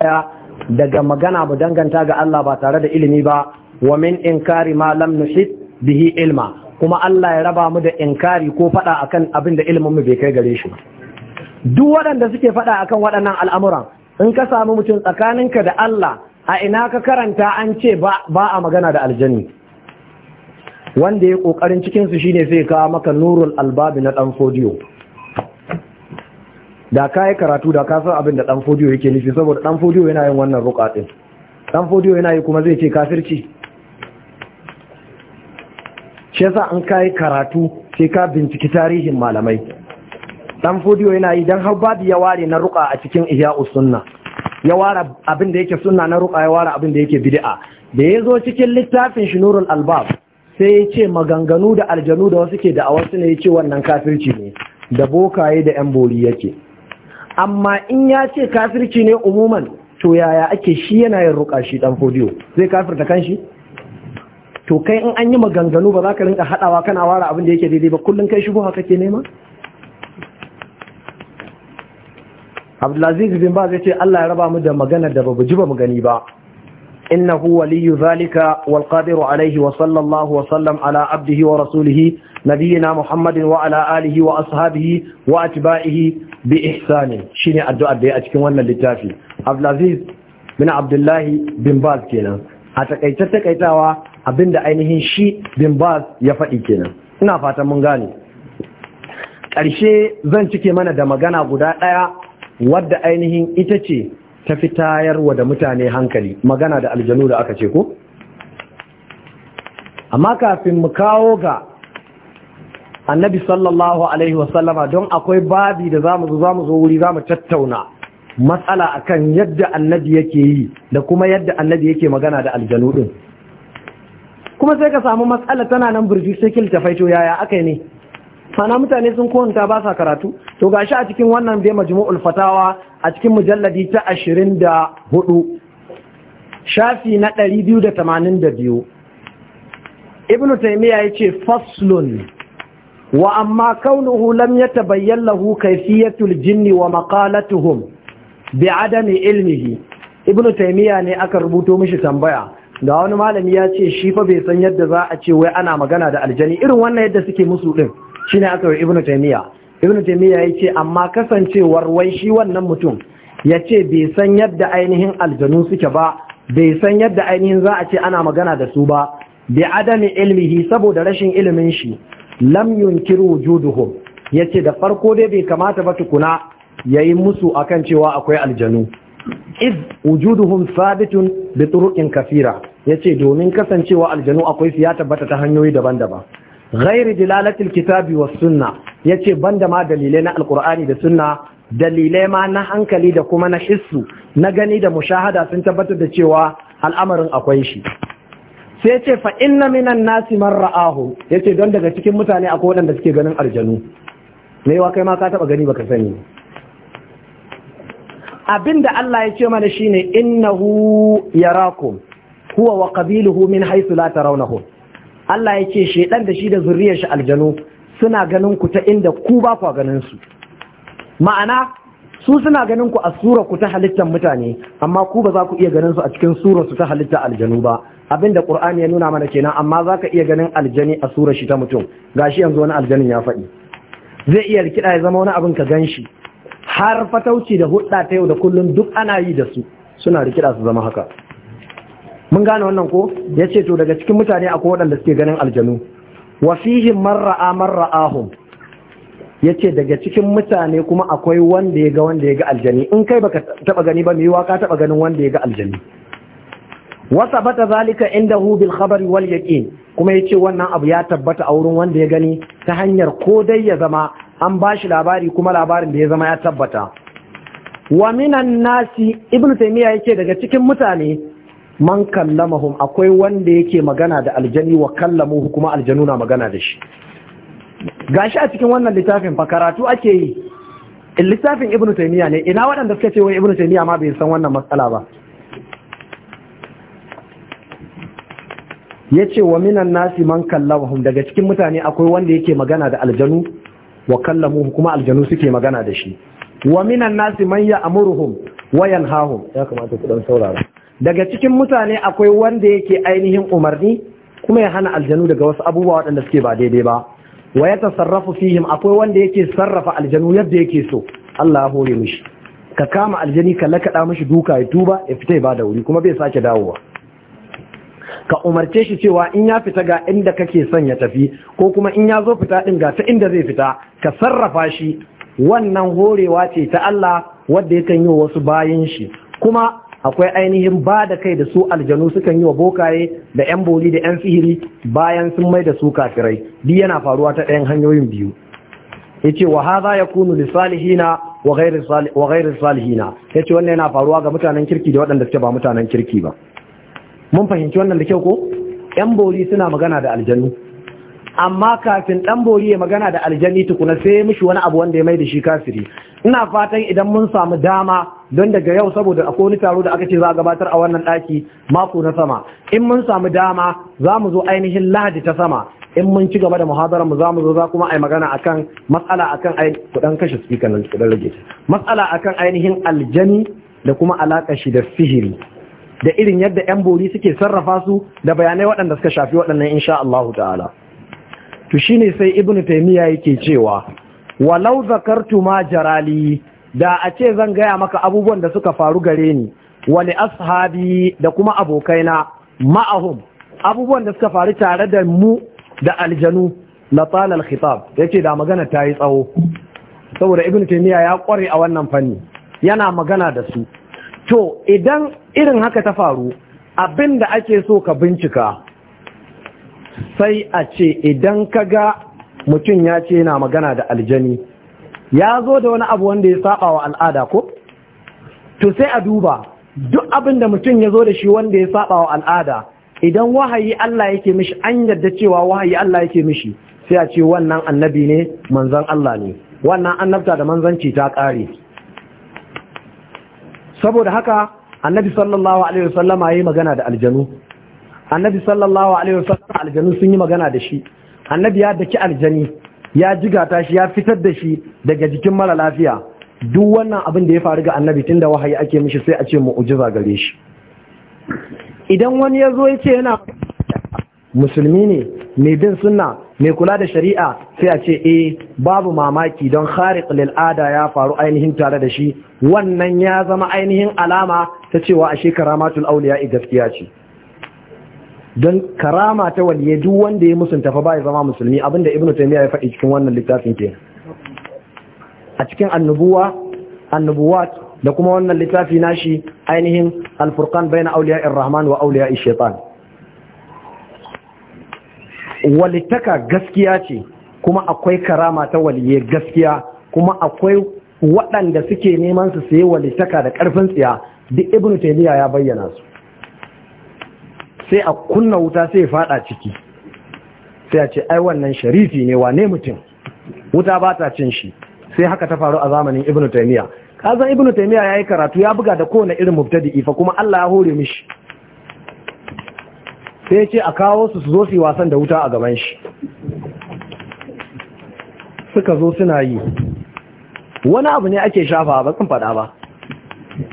daya daga magana mu danganta ga Allah ba tare da ilimi ba wa min inkari ma lam nuhit bihi ilma kuma Allah ya raba mu da inkari ko fada akan abin da ilimin mu bai kai gare shi duk waɗanda suke fada akan waɗannan al'amuran in ka samu mutum tsakaninka da Allah a ina ka karanta an ce ba a magana da aljanni wanda ya kokarin cikin su shine sai kawo maka nurul albabi na dan fodiyo da ka yi karatu da ka san abin da dan fodiyo yake nufi saboda dan fodiyo yana yin wannan ruqa din dan fodiyo yana yi kuma zai ce kafirci shi yasa an kai karatu sai ka binciki tarihin malamai dan fodiyo yana yi dan har babu ya ware na ruka a cikin iya sunna ya ware abin da yake sunna na ruka ya ware abin da yake bid'a da ya zo cikin littafin shi albab sai ya ce maganganu da aljanu da wasu ke da a wasu ne ya ce wannan kafirci ne da bokaye da yan bori yake amma in ya ce kafirci ne umuman to yaya ake shi yana yin ruka shi dan fodiyo zai kafirta kanshi to kai in an yi maganganu ba za ka rinka hadawa kana wara abin da yake daidai ba kullum kai shigo haka ke nema Abdulaziz bin ba zai ce Allah ya raba mu da magana da babu ji ba mu gani ba wa ولي ذلك والقادر عليه وصلى الله وسلم على عبده ورسوله نبينا alihi wa ashabihi wa atba'ihi bi ihsani shine addu'a da ya a cikin wannan littafi Abdulaziz bin Abdullahi bin Baz kenan a takaice takaitawa abinda ainihin shi bin Baz ya faɗi kenan ina fatan mun gane ƙarshe zan cike mana da magana guda ɗaya wadda ainihin ita ce ta fi tayarwa da mutane hankali magana da aljanu da aka ce ko amma kafin mu kawo ga annabi sallallahu alaihi wasallama don akwai babi da mu zo mu zo wuri za mu tattauna matsala akan yadda annabi yake yi da kuma yadda annabi yake magana da aljanu din kuma sai ka samu matsala tana nan burji sai ta faito yaya akai ne sana mutane sun kowanta ba sa karatu to gashi a cikin wannan dai majmu'ul fatawa a cikin mujalladi ta 24 shafi na 282 ibnu taymiya yace faslun wa amma kaunuhu lam tabayyan lahu kaifiyatul jinni wa maqalatuhum bi adami ilmihi ibnu taymiya ne aka rubuto mishi tambaya da wani malami ya ce shi fa bai san yadda za a ce wai ana magana da aljani irin wannan yadda suke musu din shine aka yi ibnu taymiya ibnu taymiya ya ce amma kasancewar wai shi wannan mutum ya ce bai san yadda ainihin aljanu suke ba bai san yadda ainihin za a ce ana magana da su ba bi adami ilmihi saboda rashin ilimin shi lam yunkiru wujuduhum yace da farko dai bai kamata ba tukuna yi musu akan cewa akwai aljanu iz wujuduhum sabitun bi turuqin kafira yace domin kasancewa aljanu akwai su ya tabbata ta hanyoyi daban-daban ghairi dilalatil kitabi was sunna yace banda ma dalilai na alqur'ani da sunna dalilai ma na hankali da kuma na hissu na gani da mushahada sun tabbatar da cewa al'amarin akwai shi sai ce fa inna minan nasi man ra'ahu yace don daga cikin mutane akwai waɗanda suke ganin aljanu me yawa kai ma ka taba gani baka sani abinda Allah ya ce mana shine innahu yarakum huwa wa qabiluhu min haythu la tarawnahu Allah ya ce shedan da shi da zuriyar shi aljanu suna ganin ku ta inda ku ba ku ganin su ma'ana su suna ganin ku a sura ku ta halittar mutane amma ku ba za ku iya ganin su a cikin surar su ta halitta aljanu ba abinda qur'ani ya nuna mana kenan amma zaka iya ganin aljani a sura shi ta mutum gashi yanzu wani aljanin ya faɗi zai iya rikida ya zama wani abin ka ganshi har fatauci da hudda ta yau da kullum duk ana yi da su suna rikida su zama haka mun gane wannan ko ya to daga cikin mutane akwai waɗanda suke ganin aljanu wa fihim marra'a marra'ahum ya ce daga cikin mutane kuma akwai wanda ya ga wanda ya ga aljani in kai baka taba gani ba mai waka taba ganin wanda ya ga aljani wasa bata zalika inda bil khabari wal yaqin kuma yace wannan abu ya tabbata a wurin wanda ya gani ta hanyar ko dai ya zama an bashi labari kuma labarin da ya zama ya tabbata wa minan nasi ibnu taymiya yake daga cikin mutane man kallamahum akwai wanda yake magana da aljani wa kallamuhu kuma aljanu magana da shi gashi a cikin wannan littafin fa karatu ake yi littafin ibnu taymiya ne ina waɗanda suka ce wai ibnu taymiya ma bai san wannan matsala ba ya ce wa minan nasi man kallamahum daga cikin mutane akwai wanda yake magana da aljanu wa kallamuhu kuma aljanu suke magana da shi wa minan nasi man amuruhum wa yanhahum ya kamata ku dan saurara daga cikin mutane akwai wanda yake ainihin umarni kuma ya hana aljanu daga wasu abubuwa waɗanda suke ba daidai ba wa ya tasarrafu fihim akwai wanda yake sarrafa aljanu yadda yake so Allah ya hore mishi ka kama aljani ka lakaɗa mishi duka ya tuba ya fita ya bada wuri kuma bai sake dawowa ka umarce shi cewa in ya fita ga inda kake son ya tafi ko kuma in ya zo fita din ga ta inda zai fita ka sarrafa shi wannan horewa ce ta Allah wadda kan yi wasu bayan shi kuma akwai ainihin ba da kai da su aljanu sukan yi wa bokaye da 'yan boli da 'yan sihiri bayan sun mai da su kafirai duk yana faruwa ta ɗayan hanyoyin biyu yace ce wa hadha ya kunu salihina wa ghairi salihina ya ce wannan yana faruwa ga mutanen kirki da waɗanda suke ba mutanen kirki ba mun fahimci wannan da kyau ko yan bori suna magana da aljannu. amma kafin ɗan bori ya magana da aljanni tukuna sai ya wani abu wanda ya mai da shi kafiri ina fatan idan mun samu dama don daga yau saboda akwai wani taro da aka ce za a gabatar a wannan ɗaki mako na sama in mun samu dama za mu zo ainihin lahadi ta sama in mun ci gaba da muhadarar mu za mu zo za kuma a magana akan matsala akan kudan kashe speaker nan kudan rage matsala akan ainihin aljani da kuma alaƙa shi da sihiri da irin yadda 'yan bori suke sarrafa su da bayanai waɗanda suka shafi waɗannan insha Allah ta'ala to ne sai ibn taymiya yake cewa walau zakartu ma jarali da a ce zan gaya maka abubuwan da suka faru gare ni wani ashabi da kuma abokaina ma'ahum abubuwan da suka faru tare da mu da aljanu la talal khitab da magana ta yi tsawo saboda ibn taymiya ya kware a wannan fanni yana magana da su to idan irin haka ta faru abin da ake so ka bincika sai a ce idan ka ga mutum ya ce na magana da aljani ya zo da wani abu wanda ya saba wa al'ada ko to sai a duba duk abin da mutum ya zo da shi wanda ya saba wa al'ada idan wahayi Allah yake mishi an yarda cewa wahayi Allah yake mishi sai a ce wannan annabi ne manzon Allah ne wannan annabta da manzanci ta ƙare saboda haka annabi sallallahu alaihi wasallama yayi magana da aljanu annabi sallallahu alaihi wasallama aljanu sun yi magana da shi annabi ya daki aljani ya jiga ta shi ya fitar da shi daga jikin mara lafiya duk wannan abin da ya faru ga annabi tunda wahayi ake mishi sai a ce mu'jiza gare shi idan wani ya zo ya ce yana musulmi ne mai bin sunna mai kula da shari'a sai a ce eh babu mamaki don khariq lil'ada ya faru ainihin tare da shi wannan ya zama ainihin alama ta cewa a karamatul auliya gaskiya ce don karama ta waliye duk wanda ya musunta fa bai zama musulmi abinda ibnu taymiya ya faɗi cikin wannan littafin ke a cikin annubuwa annubuwat da kuma wannan littafi nashi ainihin al-furqan bayna awliya'ir rahman wa awliya'ish shaitan walittaka gaskiya ce kuma akwai karama ta waliye gaskiya kuma akwai waɗanda suke neman su sayi walittaka da ƙarfin tsiya duk Ibn taymiya ya bayyana su sai a kunna wuta sai fada ciki sai a ce ai wannan sharifi ne wane mutum wuta ba ta cin shi sai haka ta faru a zamanin ibnu taymiya kazan ibnu taymiya yayi karatu ya buga da kowane irin mubtadi'i fa kuma Allah ya hore mishi sai ce a kawo su su zo su yi wasan da wuta a gaban shi suka zo suna yi wani abu ne ake shafa ba sun faɗa ba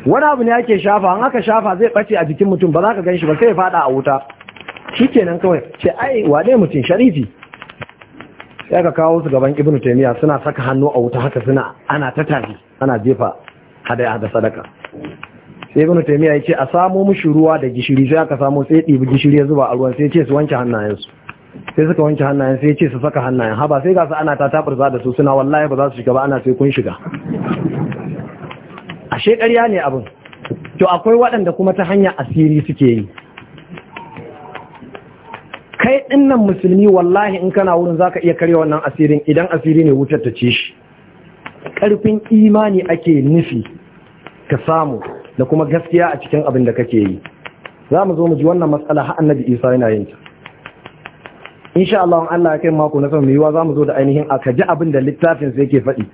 wani abu ne ake shafa an aka shafa zai ɓace a jikin mutum ba za ka ganshi ba sai ya faɗa a wuta shi nan kawai ce ai wane mutum sharifi sai ka kawo su gaban ibnu taimiyya suna saka hannu a wuta haka suna ana ta tafi ana jefa hada-hada sadaka sai ibn taymiya yace a samo mushi ruwa da gishiri sai aka samo sai ɗibi gishiri ya zuba a ruwan sai ce su wanke hannayensu sai suka wanke hannayen sai ce su saka hannayen haba sai ga su ana ta taburza da su suna wallahi ba za su shiga ba ana sai kun shiga ashe ƙarya ne abin to akwai waɗanda kuma ta hanyar asiri suke yi kai ɗinnan musulmi wallahi in kana wurin zaka iya karya wannan asirin idan asiri ne wutar ta ci shi ƙarfin imani ake nufi ka samu da kuma gaskiya a cikin abin da kake yi za mu zo mu ji wannan matsala har annabi isa yana yin ta insha Allah Allah ya kai mako na sama yiwa za mu zo da ainihin aka ji abin da littafin sai yake faɗi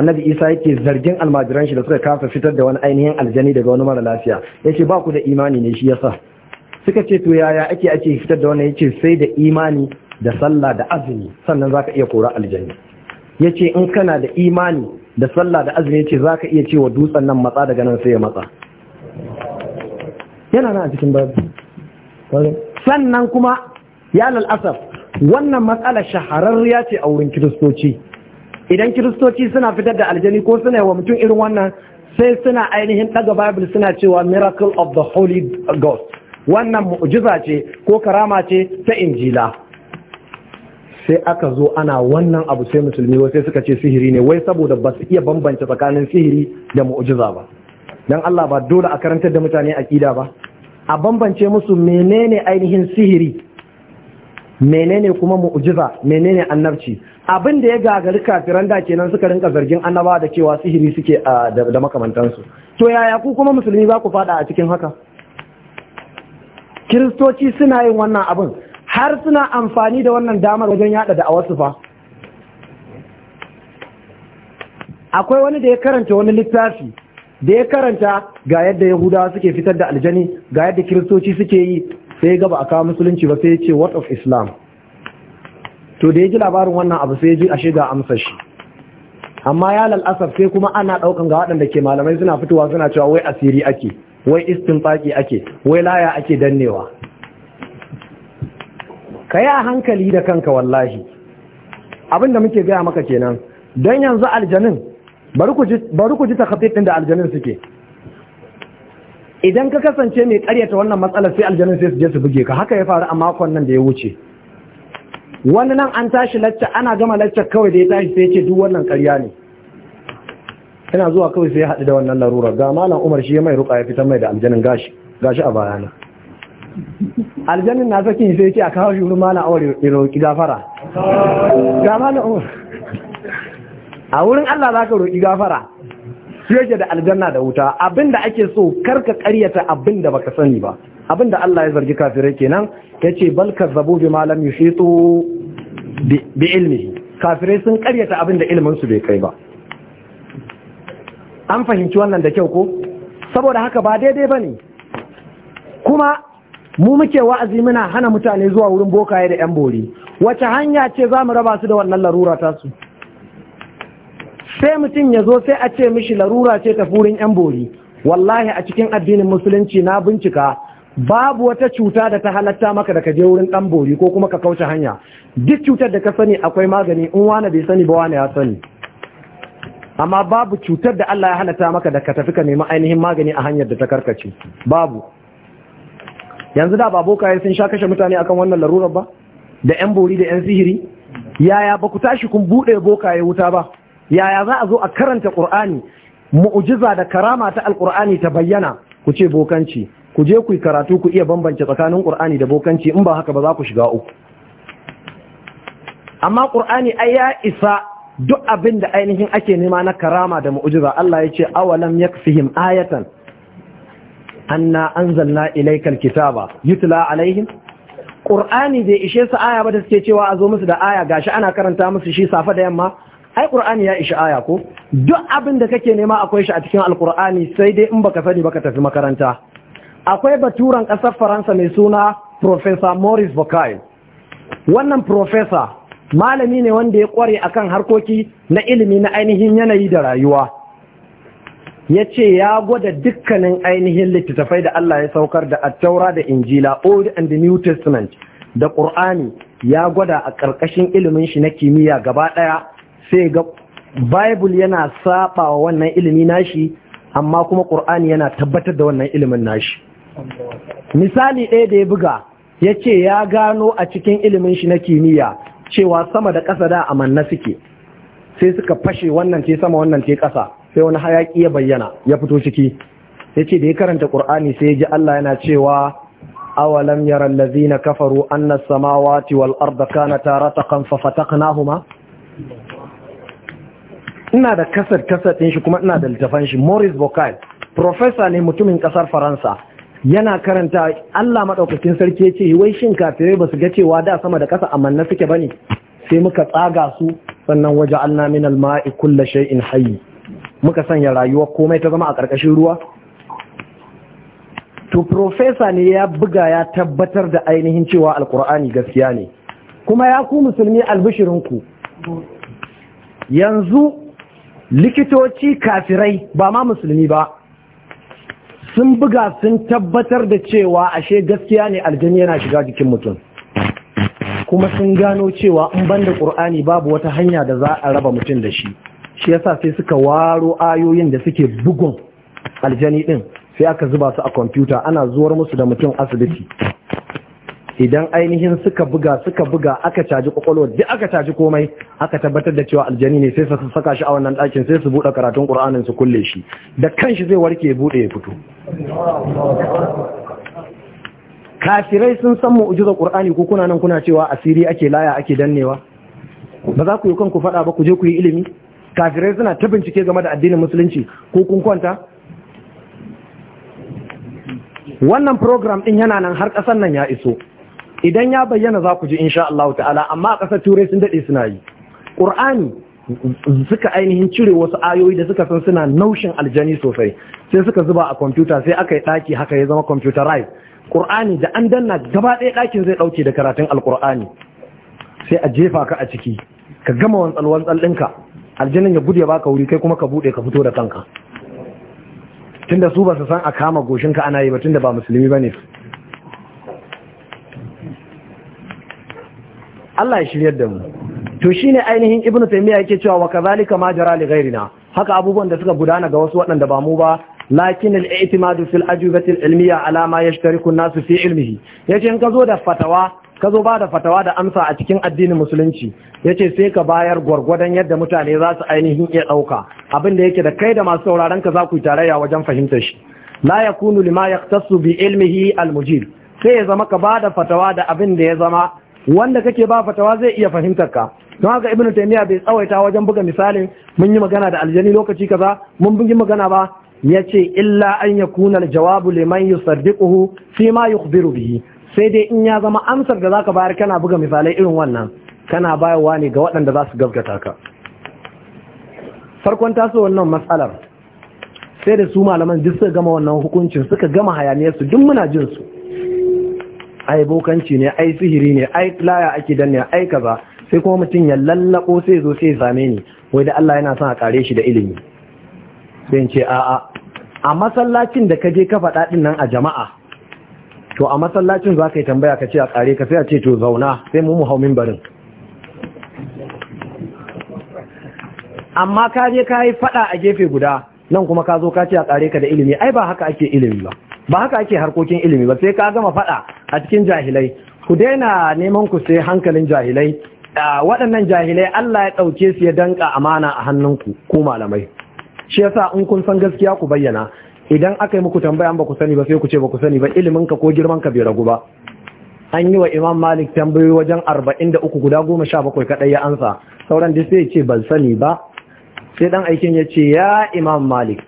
annabi isa yake zargin almajiran shi da suka kafa fitar da wani ainihin aljani daga wani mara lafiya yace ba ku da imani ne shi yasa suka ce to yaya ake ake fitar da wannan yace sai da imani da sallah da azumi sannan zaka iya kora aljani yace in kana da imani da sallah da azumi yace zaka iya cewa dutsen nan matsa daga nan sai ya matsa yana nan a cikin babu sannan kuma ya asaf wannan matsala shahararriya ce a wurin kiristoci idan kiristoci suna fitar da aljani ko suna wa mutum irin wannan sai suna ainihin daga bible suna cewa miracle of the holy ghost wannan mu'jiza ce ko karama ce ta injila sai aka zo ana wannan abu sai musulmi wai sai suka ce sihiri ne wai saboda ba su iya bambance tsakanin sihiri da mu'ujiza ba dan Allah ba dole a karantar da mutane ƙida ba a bambance musu menene ainihin sihiri menene kuma mu'ujiza? menene annabci abin da ya gagari kafiran da kenan suka rinka zargin annaba da cewa sihiri suke da makamantansu to yaya ku kuma musulmi baku ku fada a cikin haka kiristoci suna yin wannan abin har suna amfani da wannan damar wajen yada da awarsu fa akwai wani da ya karanta wani littafi da ya karanta ga yadda yahudawa suke fitar da aljani ga yadda kiristoci suke yi sai ga ba a kawo musulunci ba sai ya ce what of islam to da ya ji labarin wannan abu sai ya ji ashe ga amsar shi amma ya lalasar sai kuma ana ɗaukan ga waɗanda ke malamai suna fitowa suna cewa wai asiri ake wai istin istinfaki ake wai laya ake dannewa ka yi a hankali da kanka wallahi abin muke gaya maka kenan don yanzu aljanin bari ku ji takafi ɗin da aljanin suke idan ka kasance mai karyata wannan matsalar sai aljanin sai su je su buge ka haka ya faru a makon nan da ya wuce wani nan an tashi lacca ana gama lacca kawai da ya tashi sai ce duk wannan karya ne ina zuwa kawai sai ya haɗu da wannan larura ga malam umar shi ya mai ruka ya fitar mai da aljanin gashi a bayana aljannin na sakin sai ce a kawo shi wurin malam awar roƙi gafara a wurin Allah za ka roƙi gafara su yake da aljanna da wuta abinda ake so karka karyata abinda baka sani ba abinda Allah ya zargi kafirai kenan ya ce bal zabo bi ma lam bi ilmi kafirai sun karyata abinda ilimin bai kai ba an fahimci wannan da kyau ko saboda haka ba daidai ba ne. kuma mu muke wa'azi muna hana mutane zuwa wurin bokaye da 'yan bori wace hanya ce za mu raba su da wannan larura ta su? sai mutum ya zo sai a ce mishi larura ce ta furin 'yan bori wallahi a cikin addinin musulunci na bincika babu wata cuta da ta halatta maka da ka je wurin ɗan bori ko kuma ka kauce hanya duk cutar da ka sani akwai magani in wani bai sani ba wani ya sani amma babu cutar da Allah ya halatta maka da ka tafi ka nemi ainihin magani a hanyar da ta karkace babu yanzu da ba bokaye sun sha kashe mutane akan wannan larurar ba da yan bori da yan sihiri yaya ba ku tashi kun buɗe bokaye wuta ba yaya za a zo a karanta ƙur'ani mu'ujiza da karama ta alƙur'ani ta bayyana ku ce bokanci ku je ku karatu ku iya bambance tsakanin ƙur'ani da bokanci in ba haka ba za ku shiga uku amma ƙur'ani ai ya isa duk abin da ainihin ake nema na karama da mu'ujiza Allah ya ce awalam yakfihim ayatan anna anzalna ilaykal kitaba yutla alaihim qur'ani bai ishe su aya ba da suke cewa a zo musu da aya gashi ana karanta musu shi safa da yamma ai qur'ani ya ishi aya ko duk abin da kake nema akwai shi a cikin alqur'ani sai dai in baka sani baka tafi makaranta akwai baturan kasar faransa mai suna professor Maurice Bucaille wannan professor malami ne wanda ya kware akan harkoki na ilimi na ainihin yanayi da rayuwa ya ce ya gwada dukkanin ainihin littattafai da Allah ya saukar da attaura da injila old and new testament da ƙur'ani ya gwada a ƙarƙashin ilimin shi na kimiyya gaba ɗaya sai ga bible yana saba wa wannan ilimi nashi amma kuma ƙur'ani yana tabbatar da wannan ilimin nashi misali ɗaya da ya buga ya ce ya gano a cikin ilimin shi na kimiyya cewa sama da ƙasa da amanna suke sai suka fashe wannan ce sama wannan ce ƙasa sai wani hayaki ya bayyana ya fito ciki yace da ya karanta Kur'ani sai ya ji Allah yana cewa awalam yara allazina kafaru anna as-samawati wal arda kanata ta fa fataqnahuma ina da kasar kasar din shi kuma ina da littafan shi Maurice Bokai, profesa ne mutumin kasar Faransa yana karanta Allah madaukakin sarki ya ce wai shin kafirai basu ga cewa da sama da kasa na suke bane sai muka tsaga su sannan waje an namin alma'i kulla shay'in hayyi muka sanya rayuwa komai ta zama a ƙarƙashin ruwa to profesa ne ya buga ya tabbatar da ainihin cewa Alƙur'ani gaskiya ne kuma ya ku musulmi albishirinku yanzu likitoci kafirai ba ma musulmi ba sun buga sun tabbatar da cewa ashe gaskiya ne aljini yana shiga jikin mutum kuma sun gano cewa in banda ƙur'ani babu wata hanya da za a raba mutum da shi shi yasa sai suka waro ayoyin da suke bugun aljani din sai aka zuba su a kwamfuta ana zuwar musu da mutum asibiti idan ainihin suka buga suka buga aka caji kwakwalwa duk aka caji komai aka tabbatar da cewa aljani ne sai su saka shi a wannan ɗakin sai su buɗe karatun ƙur'anin su kulle shi da kan shi zai warke buɗe ya fito kafirai sun san ujiza ƙur'ani ko kuna nan kuna cewa asiri ake laya ake dannewa ba za ku yi kanku faɗa ba ku je ku yi ilimi kafirai suna ta bincike game da addinin musulunci ko kun kwanta wannan program din yana nan har kasan nan ya iso idan ya bayyana za ku ji insha Allah ta'ala amma a kasar turai sun daɗe suna yi ƙur'ani suka ainihin cire wasu ayoyi da suka san suna naushin aljani sosai sai suka zuba a kwamfuta sai aka yi ɗaki haka ya zama computerized ƙur'ani da an danna gaba ɗaya ɗakin zai ɗauke da karatun alƙur'ani sai a jefa ka a ciki ka gama wantsal ɗinka aljannan ya gudu ya baka wuri kai kuma ka bude ka fito da kanka tunda su ba su san a kama goshinka ana yi ba tunda ba musulmi ba Allah ya shiryar da mu to shine ainihin ibnu taymiya yake cewa wa kazalika ma jara li ghairina haka abubuwan da suka gudana ga wasu waɗanda ba mu ba lakin al-i'timadu fil ajubati al-ilmiya ala ma yashtariku an nasu fi ilmihi yace in ka zo da fatawa ka zo ba da fatawa da amsa a cikin addinin musulunci ya ce sai ka bayar gwargwadon yadda mutane za su ainihin iya ɗauka abin da yake da kai da masu sauraron ka za ku yi tarayya wajen fahimtar shi la ya yakunu lima yaqtasu bi ilmihi almujib sai ya zama ka ba da fatawa da abin da ya zama wanda kake ba fatawa zai iya fahimtar ka don haka ibnu taymiya bai tsawaita wajen buga misalin mun yi magana da aljani lokaci kaza mun bugi magana ba Ya ce illa an yakuna aljawabu liman yusaddiquhu fi ma yukhbiru bihi sai dai in ya zama amsar da za ka bayar kana buga misalai irin wannan kana bayarwa ne ga waɗanda za su gaskata ka farkon taso wannan matsalar sai da su malaman duk suka gama wannan hukuncin suka gama hayaniyar su duk muna jin su ai bokanci ne ai sihiri ne ai laya ake danne ai kaza sai kuma mutum ya lallako sai zo sai same ni wai da Allah yana son a kare shi da ilimi sai ce a'a a masallacin da ka je ka faɗa din nan a jama'a to a masallacin za ka yi tambaya ka ce a tsare ka sai a ce to zauna sai mu mu hau mimbarin amma ka je ka yi fada a gefe guda nan kuma ka zo ka ce a tsare ka da ilimi ai ba haka ake ilimi ba ba haka ake harkokin ilimi ba sai ka gama fada a cikin jahilai ku daina neman ku sai hankalin jahilai waɗannan jahilai Allah ya ɗauke su ya danka amana a hannunku ku malamai shi yasa in kun san gaskiya ku bayyana idan aka yi muku tambaya ba ku sani ba sai ku ce ba ku sani ba ilimin ka ko girman ka bai ragu ba an yi wa imam malik tambayoyi wajen arba'in da uku guda goma sha bakwai kaɗai ya ansa sauran da sai ce ban sani ba sai dan aikin ya ce ya imam malik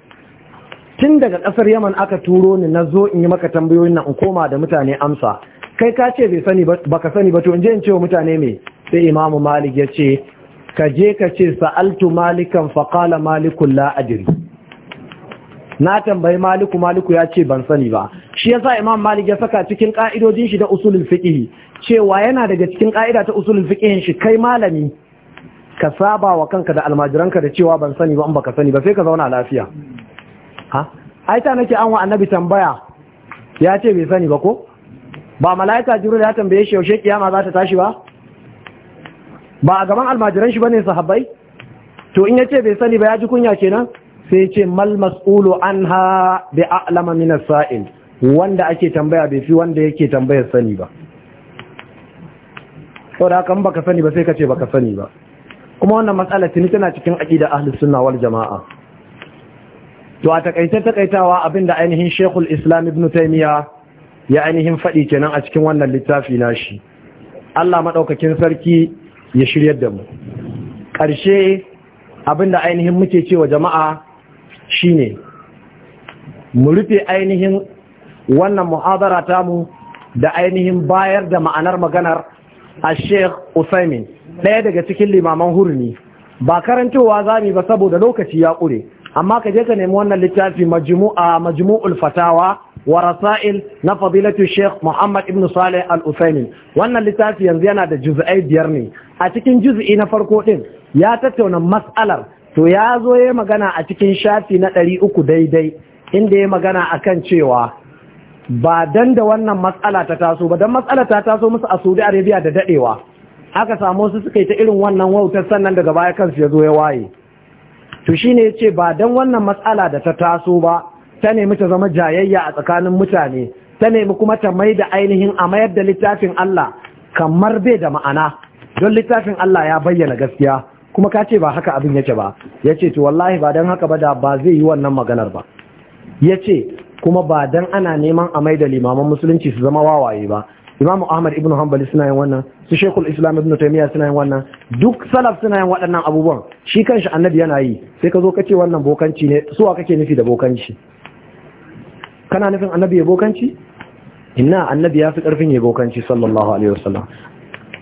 tun daga kasar yaman aka turo ni na zo in yi maka tambayoyin nan in koma da mutane amsa kai ka ce bai sani ba ka sani ba to in je in ce wa mutane me sai imam malik ya ce ka je ka ce sa'altu malikan faqala malikun la na tambayi maliku maliku ya ce ban sani ba shi yasa imam malik ya saka cikin ka'idojin shi da usulul fiqh cewa yana daga cikin ka'ida ta usulul fiqh shi kai malami ka saba wa kanka da almajiranka da cewa ban sani ba an baka sani ba sai ka zauna lafiya ha ai ta nake an wa annabi tambaya ya ce bai sani ba ko ba malaika jibril ya tambaye shi yaushe kiyama za ta tashi ba ba a gaban almajiran shi bane sahabbai to in yace bai sani ba ya ji kunya kenan sai ce mal mas'ulu anha bi a'lama min as-sa'il wanda ake tambaya bai fi wanda yake tambayar sani ba saboda haka in baka sani ba sai ka ce baka sani ba kuma wannan matsala tuni tana cikin aqida ahlus sunna wal jama'a to a takaice takaitawa abinda ainihin shaykhul Islam Ibn Taymiya ya ainihin faɗi kenan a cikin wannan littafi nashi Allah madaukakin sarki ya shiryar da mu karshe abinda ainihin muke cewa jama'a shine mu rufe ainihin wannan ta mu da ainihin bayar da ma'anar maganar a sheikh usaimin ɗaya daga cikin limaman hurni ba karantowa za mu ba saboda lokaci ya ƙure amma ka je ka nemi wannan littafi majmu'a majmu'ul fatawa wa rasail na fadilatu sheikh muhammad ibn salih al usaimin wannan littafi yanzu yana da juz'ai biyar ne a cikin juz'i na farko din ya tattauna mas'alar to ya zo ya magana a cikin shafi na ɗari uku daidai inda ya magana akan cewa ba dan da wannan matsala ta taso ba dan matsala ta taso musu a Saudi Arabia da daɗewa, aka samu su suka yi ta irin wannan wautar sannan daga baya kansu ya zo ya waye to shine yace ba dan wannan matsala da ta taso ba ta nemi ta zama jayayya a tsakanin mutane ta nemi kuma ta mai da ainihin a mayar da littafin Allah kamar bai da ma'ana don littafin Allah ya bayyana gaskiya kuma ka ce ba haka abin yake ba ya ce to wallahi ba don haka ba da ba zai yi wannan maganar ba ya ce kuma ba don ana neman a maida limaman musulunci su zama wawaye ba imamu ahmad ibn hanbali suna yin wannan su shekul islam ibn taimiyya suna yin wannan duk salaf suna yin waɗannan abubuwan shi kanshi annabi yana yi sai ka zo ka ce wannan bokanci ne suwa kake nufi da bokanci kana nufin annabi ya bokanci inna annabi ya fi karfin ya bokanci sallallahu alaihi wasallam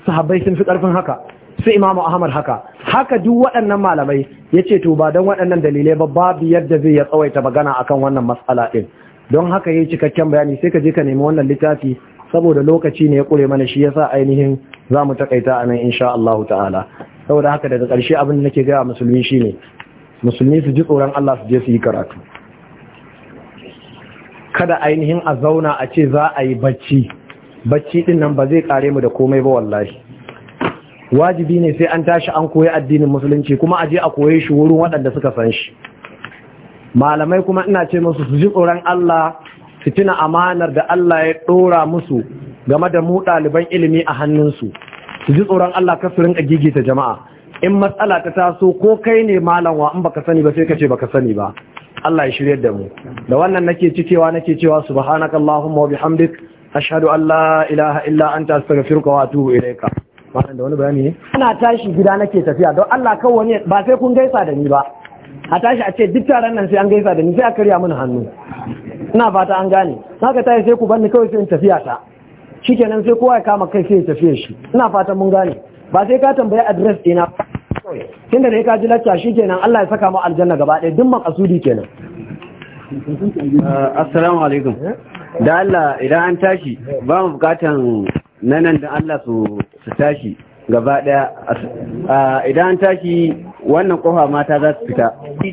sahabbai sun fi karfin haka su imamu ahmad haka haka duk waɗannan malamai ya ce to ba don waɗannan dalilai ba babu yadda zai ya tsawaita magana akan wannan matsala ɗin don haka ya yi cikakken bayani sai ka je ka nemi wannan littafi saboda lokaci ne ya ƙure mana shi ya sa ainihin za mu taƙaita a nan insha Allah ta'ala saboda haka daga ƙarshe abin da nake gaya musulmi shine musulmi su ji tsoron Allah su je su yi karatu kada ainihin a zauna a ce za a yi bacci bacci din nan ba zai kare mu da komai ba wallahi wajibi ne sai an tashi an koyi addinin musulunci kuma aje a koye shi wurin waɗanda suka san shi malamai kuma ina ce musu su ji tsoron Allah su tuna amanar da Allah ya ɗora musu game da mu ɗaliban ilimi a hannunsu su ji tsoron Allah ka su rinka gigita jama'a in matsala ta taso ko kai ne malam wa in baka sani ba sai ka ce baka sani ba Allah ya shiryar da mu da wannan nake cikewa nake cewa subhanakallahumma wa bihamdik ashhadu an la ilaha illa anta astaghfiruka wa atubu ilaika da wani bayani ne ana tashi gida nake tafiya don Allah kan wani ba sai kun gaisa da ni ba a tashi a ce duk taron nan sai an gaisa da ni sai a karya mini hannu ina fata an gane haka tashi sai ku banni kawai sai in tafiya ta shikenan sai kowa ya kama kai sai ya tafiya shi ina fata mun gane ba sai ka tambayi address ɗina tunda da ka ji lacca shikenan Allah ya saka mu aljanna gaba ɗaya duk makasudi kenan uh, assalamu alaikum eh? da Allah idan an tashi ba mu bukatan na nan da Allah su tashi gaba daya idan tashi wannan kofa mata za su fita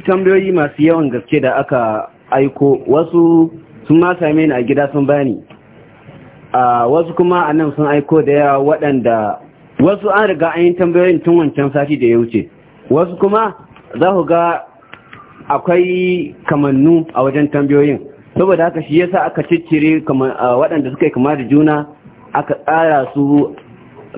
tambayoyi masu yawan gaske da aka aiko wasu sun ma same ni a gida sun bani wasu kuma a nan sun aiko da yawa waɗanda wasu an riga an yi tambayoyin tun wancan sati da ya wuce wasu kuma za ku ga akwai kamannu a wajen tambayoyin saboda haka shi yasa aka ciccire waɗanda suka yi kama da juna aka tsara su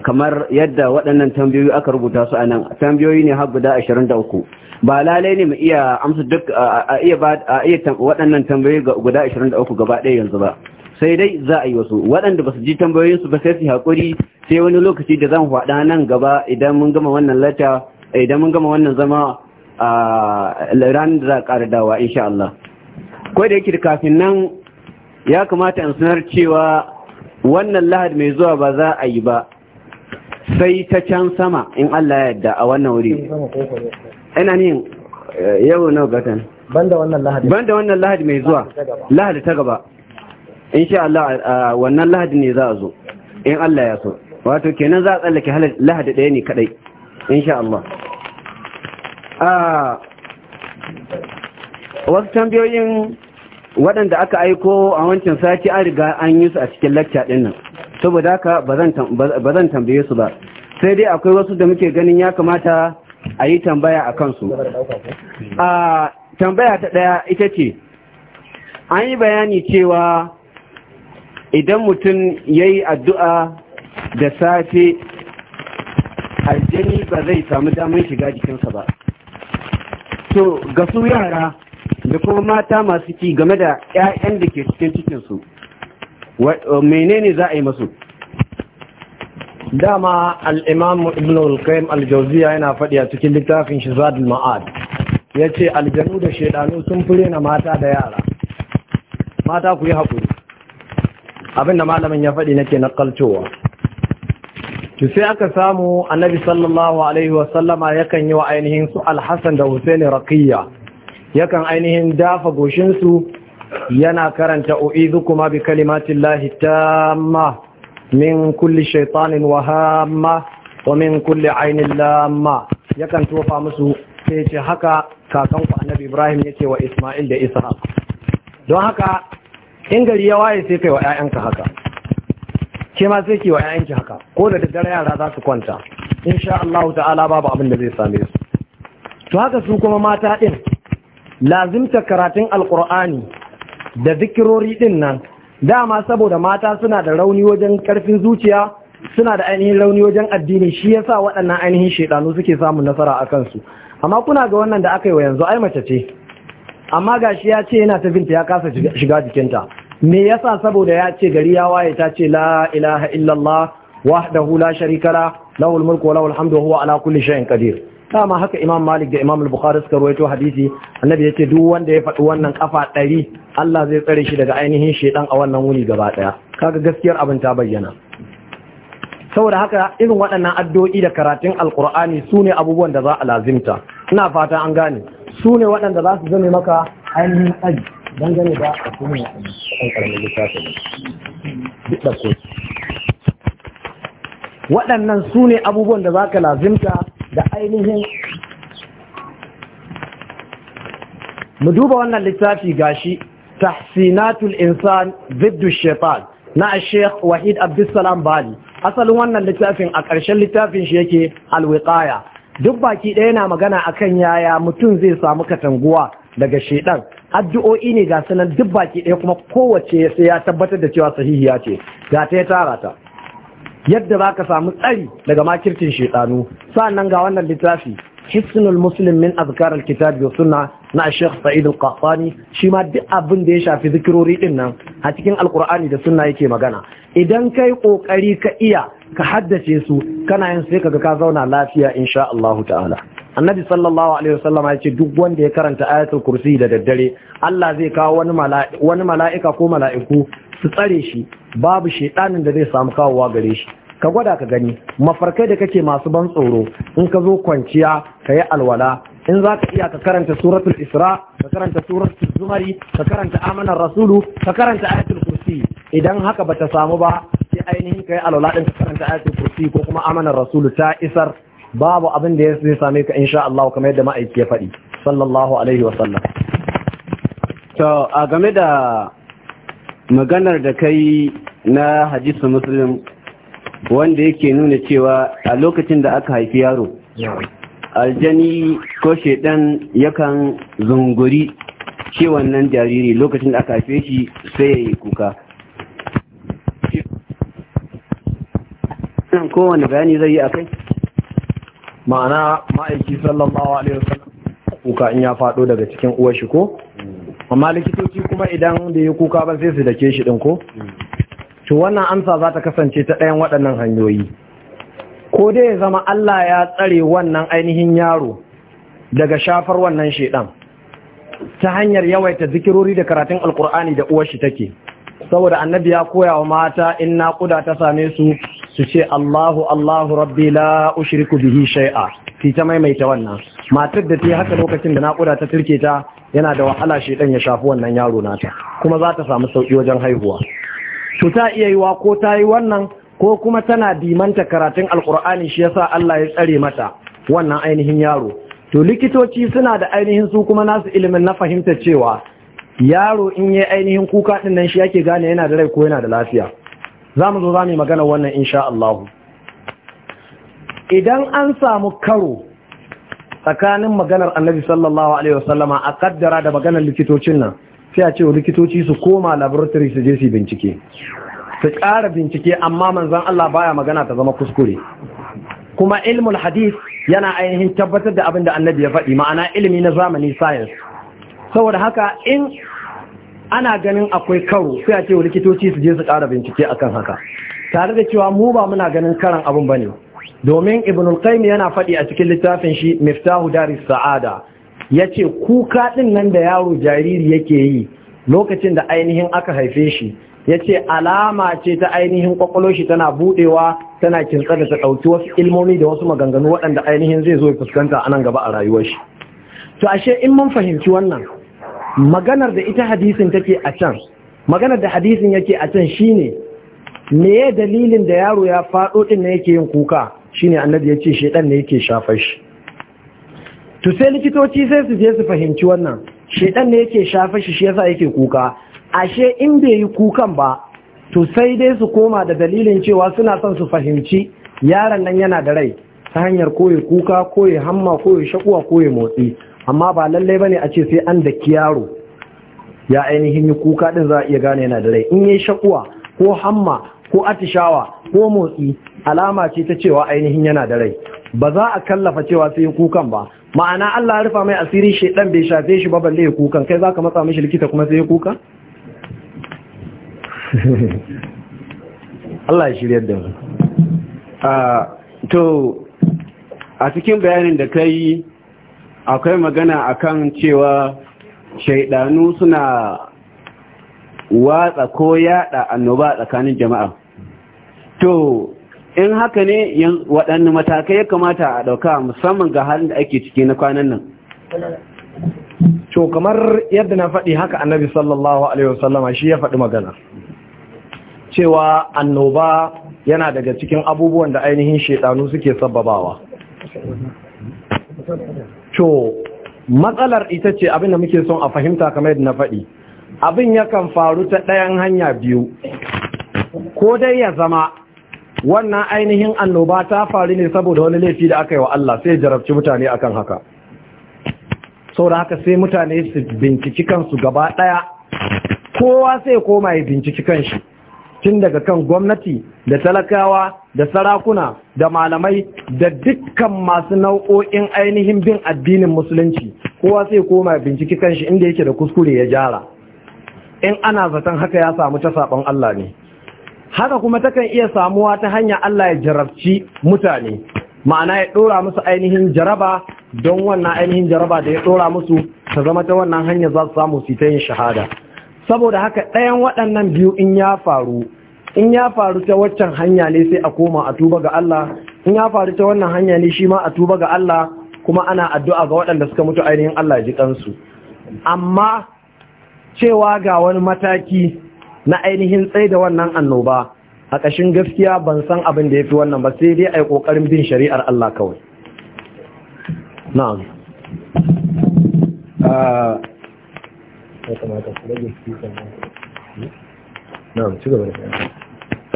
kamar yadda waɗannan tambayoyi aka rubuta su a nan tambayoyi ne har guda 23 ba lalai ne mu iya amsa duk a iya waɗannan tambayoyi guda 23 gaba ɗaya yanzu ba sai dai za a yi wasu waɗanda ba su ji tambayoyin su ba sai su haƙuri sai wani lokaci da zan faɗa nan gaba idan mun gama wannan lata idan mun gama wannan zama a ranar da za a ƙara dawa insha Allah ko da yake kafin nan ya kamata in sanar cewa wannan lahad mai zuwa ba za a yi ba sai ta can sama in Allah ya yadda a wannan wuri ina ne eh, yau na gatan banda wannan lahad banda wannan lahadi mai zuwa lahad ta gaba insha Allah wannan lahad ne za a zo in Allah ya so wato kenan za a tsallake lahad ɗaya ne kadai insha Allah ah, wasu tambayoyin waɗanda aka aiko a wancan sati an riga an yi su a cikin lacca ɗin nan saboda haka ba zan tambaye su ba sai dai akwai wasu da muke ganin ya kamata a yi tambaya a kansu a tambaya ta ɗaya ita ce an yi bayani cewa idan mutum ya yi addu'a da safe aljani ba zai samu damar shiga jikinsa ba to ga su yara da kuma mata masu ci game da 'ya'yan da ke cikin cikinsu uh, menene za a yi masu dama imam ibn al-qaim al-jauziya yana faɗi a cikin littafin shizad ma'ad ya ce aljanu da shaidanu sun fure na mata da yara mata ku yi haƙuri abinda malamin ya faɗi nake na kalcowa to sai aka samu annabi sallallahu alaihi wasallama yakan yi wa ainihin su alhassan da husaini raqiyya yakan ainihin dafa goshinsu yana karanta oizu kuma bi kalimatin lahi ma min kulli shaitanin wahama wa min kulli ainihin lama, yakan tofa musu sai ce haka ku annabi ibrahim ya yake wa isma'il da isra don haka in gari ya waye sai kai wa 'ya'yanka haka ke ma sai ki wa 'ya'yanki haka ko da daddare yara za su kwanta sha Allah ta'ala babu abin da zai same su to haka su kuma mata ɗin. lazimta karatun alkur'ani da zikirori din nan dama saboda mata suna da rauni wajen karfin zuciya suna da ainihin rauni wajen addini shi yasa waɗannan ainihin shaidanu suke samun nasara a kansu amma kuna ga wannan da aka yi wa yanzu ai mace ce amma gashi ya ce yana ta binta ya kasa shiga jikinta me yasa saboda ya ce gari ya waye ta ce la ilaha illallah wahdahu la sharika la lahul mulku wa lahul hamdu wa huwa ala kulli shay'in qadir kama haka imam malik da imam al-bukhari suka rawaito hadisi annabi yace duk wanda ya faɗi wannan kafa ɗari Allah zai tsare shi daga ainihin shedan a wannan wuni gaba daya kaga gaskiyar abin ta bayyana saboda haka irin waɗannan addu'o'i da karatun alqur'ani sune abubuwan da za a lazimta ina fata an gane sune waɗanda za su zame maka ainihin aji gane da kuma ƙaramin littafi duk waɗannan sune abubuwan da za ka lazimta da ainihin mu duba wannan littafi gashi tahsinatul insan ziddu shaitan na sheikh wahid Abdulsalam bali asalin wannan littafin a ƙarshen littafin shi yake alwiqaya duk baki ɗaya na magana akan yaya mutum zai samu katanguwa daga shaitan addu'o'i ne ga sanan duk baki ɗaya kuma kowace sai ya tabbatar da cewa sahihiya ce ga ta ya tara ta yadda za ka samu tsari daga makircin shaitanu nan ga wannan littafi hisnul muslim min azkar alkitab wa sunna na Sheikh Sa'id al shi ma duk abin da ya shafi zikirori din nan a cikin alkur'ani da sunna yake magana idan kai kokari ka iya ka haddace su kana yin sai kaga ka zauna lafiya insha Allah ta'ala annabi sallallahu alaihi ya ce duk wanda ya karanta ayatul kursi da daddare Allah zai kawo wani mala'ika wani mala'ika ko mala'iku su tsare shi babu shedanin da zai samu kawowa gare shi ka gwada ka gani mafarkai da kake masu ban tsoro in ka zo kwanciya ka yi alwala in za ka iya ka karanta suratul isra ka karanta suratul zumari ka karanta amanar rasulu ka karanta ayatul kursi idan haka bata samu ba sai ainihin ka yi alwala din ka karanta ayatul kursi ko kuma amanar rasulu ta isar babu abin da ya same ka insha Allah kamar yadda ma'aiki ya faɗi sallallahu alaihi wa sallam to a game da maganar da kai na hadisu muslim wanda yake nuna cewa a lokacin da aka haifi yaro aljani ko shedan yakan zunguri shi wannan jariri lokacin da aka haife shi sai ya yi kuka kowane bayani zai yi a kai ma'ana ma'aiki sallallahu alaihi wasallam kuka in ya fado daga cikin uwar shi ko amma likitoci kuma idan da ya kuka ba sai su dake shi ɗin ko to wannan amsa za ta kasance ta ɗayan waɗannan hanyoyi ko dai zama Allah ya tsare wannan ainihin yaro daga shafar wannan shedan ta hanyar yawaita zikirori da karatun alkur'ani da uwar shi take saboda annabi ya koya wa mata in naƙuda ta same su su ce Allahu Allahu rabbi la ushriku bihi shay'a ki ta maimaita wannan matar da ta yi haka lokacin da naƙuda ta turke ta yana da wahala shedan ya shafi wannan yaro nata kuma za ta samu sauki wajen haihuwa to ta iya yiwa ko ta yi wannan ko kuma tana dimanta karatun alkur'ani shi yasa Allah ya tsare mata wannan ainihin yaro to likitoci suna da ainihin su kuma nasu ilimin na fahimta cewa yaro in yi ainihin kuka ɗin nan shi yake gane yana da rai ko yana da lafiya za mu zo za mu yi magana wannan insha Allah idan an samu karo tsakanin maganar annabi sallallahu alaihi wasallama a kaddara da maganar likitocin nan sai a ce likitoci su koma laboratory su je su bincike su ƙara bincike amma manzan Allah baya magana ta zama kuskure kuma ilmul hadith yana ainihin tabbatar da abin da annabi ya faɗi ma'ana ilimi na zamani science saboda haka in ana ganin akwai karo sai a ce wa likitoci su je su ƙara bincike akan haka tare da cewa mu ba muna ganin karan abin bane domin ibn al-qayyim yana faɗi a cikin littafin shi miftahu daris sa'ada yace kuka din nan da yaro jariri yake yi lokacin da ainihin aka haife shi yace alama ce ta ainihin kwakwalwar shi tana budewa tana kintsa da ta dauki wasu ilmomi da wasu maganganu waɗanda ainihin zai zo ya fuskanta a nan gaba a rayuwar shi to ashe in mun fahimci wannan maganar da ita hadisin take a can maganar da hadisin yake a can shine me ya dalilin da yaro ya faɗo din ne yake yin kuka shine annabi ya ce shedan ne yake shafar shi to sai likitoci sai su je su fahimci wannan shedan ne yake shafar shi shi yasa yake kuka ashe in bai yi kukan ba to sai dai su koma da dalilin cewa suna son su fahimci yaron nan yana da rai ta hanyar koyi kuka koyi hamma koyi shakuwa koyi motsi amma ba lallai bane a ce sai an da yaro ya ainihin yi kuka din za a iya gane yana da rai in yi shakuwa ko hamma ko atishawa ko motsi alama ce ta cewa ainihin yana da rai ba za a kallafa cewa sai kukan ba ma'ana Allah ya rufa mai asiri shedan bai shafe shi ba balle ya kukan kai zaka matsa mishi likita kuma sai ya kuka Allah ya shirya da mu ah, to a cikin bayanin da kai akwai magana akan cewa shaidanu suna watsa ko yada annoba tsakanin jama'a to in haka ne waɗannan matakai ya kamata a ɗauka musamman ga halin da ake ciki na kwanan nan to kamar yadda na faɗi haka annabi sallallahu alaihi wasallama shi ya faɗi magana cewa annoba yana daga cikin abubuwan da ainihin shaidanu suke sababawa to matsalar ita ce abin da muke son a fahimta kamar yadda na faɗi abin yakan faru ta ɗayan hanya biyu ko dai ya zama wannan ainihin annoba ta faru ne saboda wani laifi da aka yi wa Allah sai jarabci mutane akan haka sau da haka sai mutane su binciki kansu gaba ɗaya kowa sai koma ya binciki kanshi tun daga kan gwamnati da talakawa da sarakuna da malamai da dukkan masu nau'o'in ainihin bin addinin musulunci kowa sai koma binciki shi inda yake da kuskure ya jara in ana zaton haka ya samu ta saɓon Allah ne haka kuma takan iya samuwa ta hanya Allah ya jarabci mutane ma'ana ya ɗora musu ainihin jaraba don wannan ainihin jaraba da ya ɗora musu ta zama ta wannan hanya za su samu su ta yin shahada saboda haka ɗayan waɗannan biyu in ya faru in ya faru ta waccan hanya ne sai a koma a tuba ga Allah in ya faru ta wannan hanya ne shi ma a tuba ga Allah kuma ana addu'a ga waɗanda suka mutu ainihin Allah ji kansu amma cewa ga wani mataki na ainihin tsaye da wannan annoba a ƙashin gaskiya ban san abin da ya fi wannan ba sai dai a yi ƙoƙarin bin shari'ar Allah kawai ah, ya da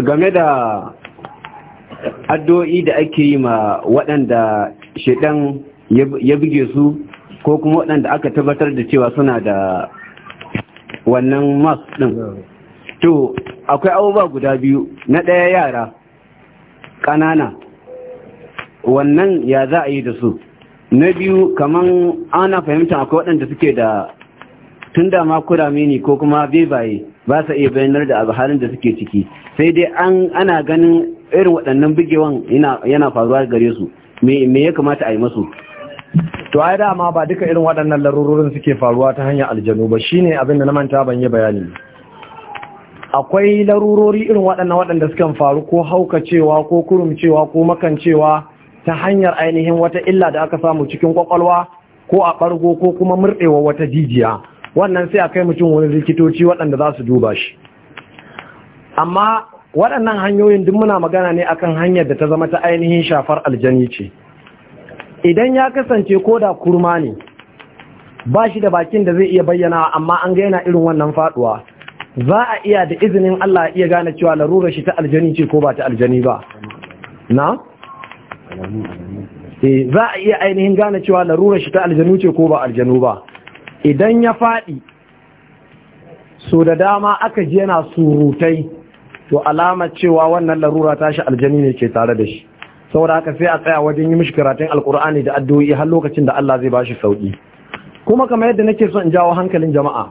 game da addu'o'i da ake yi ma waɗanda shaidan ya buge su ko kuma waɗanda aka tabbatar da cewa suna da wannan mas ɗin to akwai abubuwa guda biyu na ɗaya yara ƙanana wannan ya za a yi da su na biyu kaman ana fahimta akwai waɗanda suke da tun da ma kurame ne ko kuma bebaye ba sa iya bayanar da abu halin da suke ciki sai dai an ana ganin irin waɗannan bugewan yana faruwa gare su me ya kamata a yi masu to ai dama ba duka irin waɗannan larurorin suke faruwa ta hanyar aljanu ba shine abin da na manta ban yi bayani akwai larurori irin waɗannan waɗanda suke faru ko haukacewa ko kurumcewa ko makancewa ta hanyar ainihin wata illa da aka samu cikin kwakwalwa ko a ɓargo ko kuma murɗewa wata jijiya wannan sai a kai mutum wani likitoci waɗanda za su duba shi amma waɗannan hanyoyin duk muna magana ne akan hanyar da ta zama ta ainihin shafar aljani ce idan ya kasance ko da kurma ne ba shi da bakin da zai iya bayyana amma an ga yana irin wannan faduwa za a iya da izinin Allah iya gane cewa larurar shi ta aljani ce ko ba ta aljani ba na? Eh, za a iya ainihin gane cewa larurar shi ta aljanu ce ko ba aljanu ba idan ya faɗi so da dama aka ji yana surutai to alama cewa wannan larura tashi aljani ne ke tare da shi saboda haka sai a tsaya wajen yi mishi karatun alkur'ani da addu'o'i har lokacin da Allah zai bashi sauki kuma kamar yadda nake son in jawo hankalin jama'a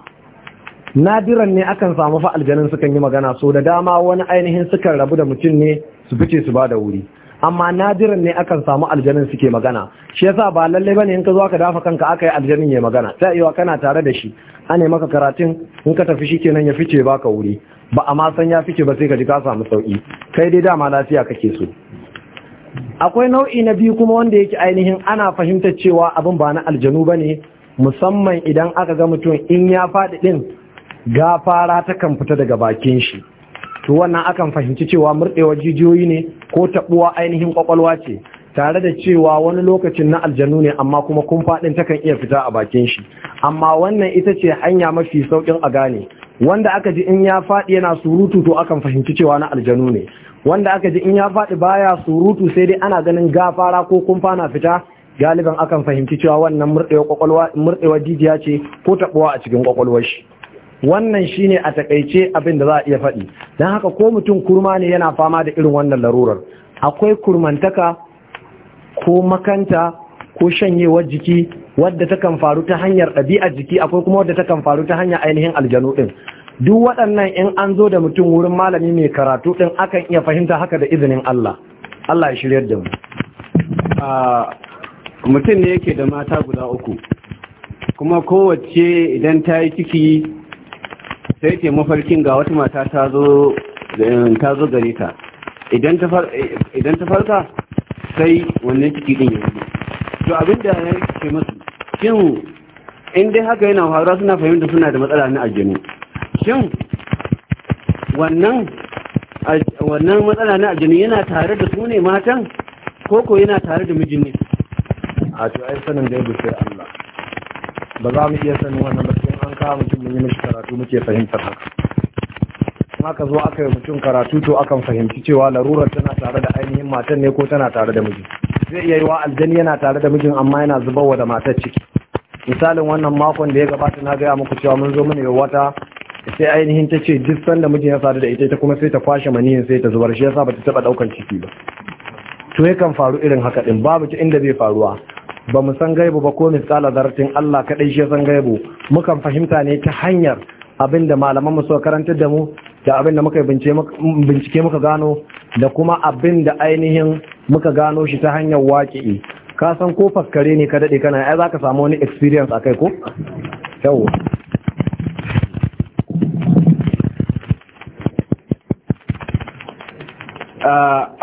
nadiran ne akan samu fa aljanin sukan yi magana so da dama wani ainihin sukan rabu da mutum ne su fice su ba da wuri amma nadiran ne akan samu aljanin suke magana shi yasa ba lalle bane in ka zo aka dafa kanka aka yi aljanin ya magana sai iya kana tare da shi ane maka karatun in ka tafi shi shikenan ya fice baka wuri ba amma san ya fice ba sai ka ji ka samu sauki kai dai dama lafiya kake so akwai nau'i na biyu kuma wanda yake ainihin ana fahimtar cewa abin ba na aljanu ne musamman idan aka ga mutum in ya faɗi din gafara ta kan fita daga bakin shi to wannan akan fahimci cewa murɗewar jijiyoyi ne ko taɓuwa ainihin ƙwaƙwalwa ce tare da cewa wani lokacin na aljanu ne amma kuma kumfaɗin takan iya fita a bakin shi amma wannan ita ce hanya mafi sauƙin a gane wanda aka ji in ya faɗi yana surutu to akan fahimci cewa na aljanu ne wanda aka ji in ya faɗi baya surutu sai dai ana ganin gafara ko kumfa na fita galiban akan fahimci cewa wannan murɗewar jijiya ce ko taɓuwa a cikin ƙwaƙwalwar shi wannan shine a takaice abin da za a iya faɗi don haka ko mutum kurma ne yana fama da irin wannan larurar akwai kurmantaka ko makanta ko shanyewar jiki wadda takan faru ta hanyar ɗabi'ar jiki akwai kuma wadda takan faru ta hanyar ainihin aljanu ɗin duk waɗannan in an zo da mutum wurin malami mai karatu ɗin akan iya fahimta haka da izinin Allah Allah ya shiryar da mu mutum ne yake da mata guda uku kuma kowace idan ta yi ciki sai ce mafarkin ga wata mata ta zo eh, gare ta eh, idan ta farka sai wannan ciki din ya zo to abinda ya ke masu shin in dai haka yana faruwa suna fahimta suna da matsala na aljanu shin wannan wannan matsala na aljanu yana tare da su ne matan koko yana tare da mijin ne a to ai sanin da ya Allah ba za mu iya sanin wannan ba kawo mutum mun yi mishi karatu muke fahimtar haka in aka zo aka yi mutum karatu to akan fahimci cewa larurar tana tare da ainihin matan ne ko tana tare da mijin zai iya yi wa aljani yana tare da mijin amma yana zubarwa da matar ciki misalin wannan makon da ya gabata na gaya muku cewa mun zo mana wata sai ainihin ta ce duk sanda mijin ya sadu da ita ita kuma sai ta kwashe maniyin sai ta zubar shi yasa ta taba ɗaukar ciki ba to ya kan faru irin haka din babu ta inda zai faruwa ba mu san gaibu ba ko misala zartin Allah kaɗai shi san gaibu mukan fahimta ne ta hanyar abinda malaman mu suka karantar da mu da abinda muka bincike muka gano da kuma abin da ainihin muka gano shi ta hanyar waƙi ka san ko fakkare ne ka daɗe kana ai za samu wani experience akai ko yawwa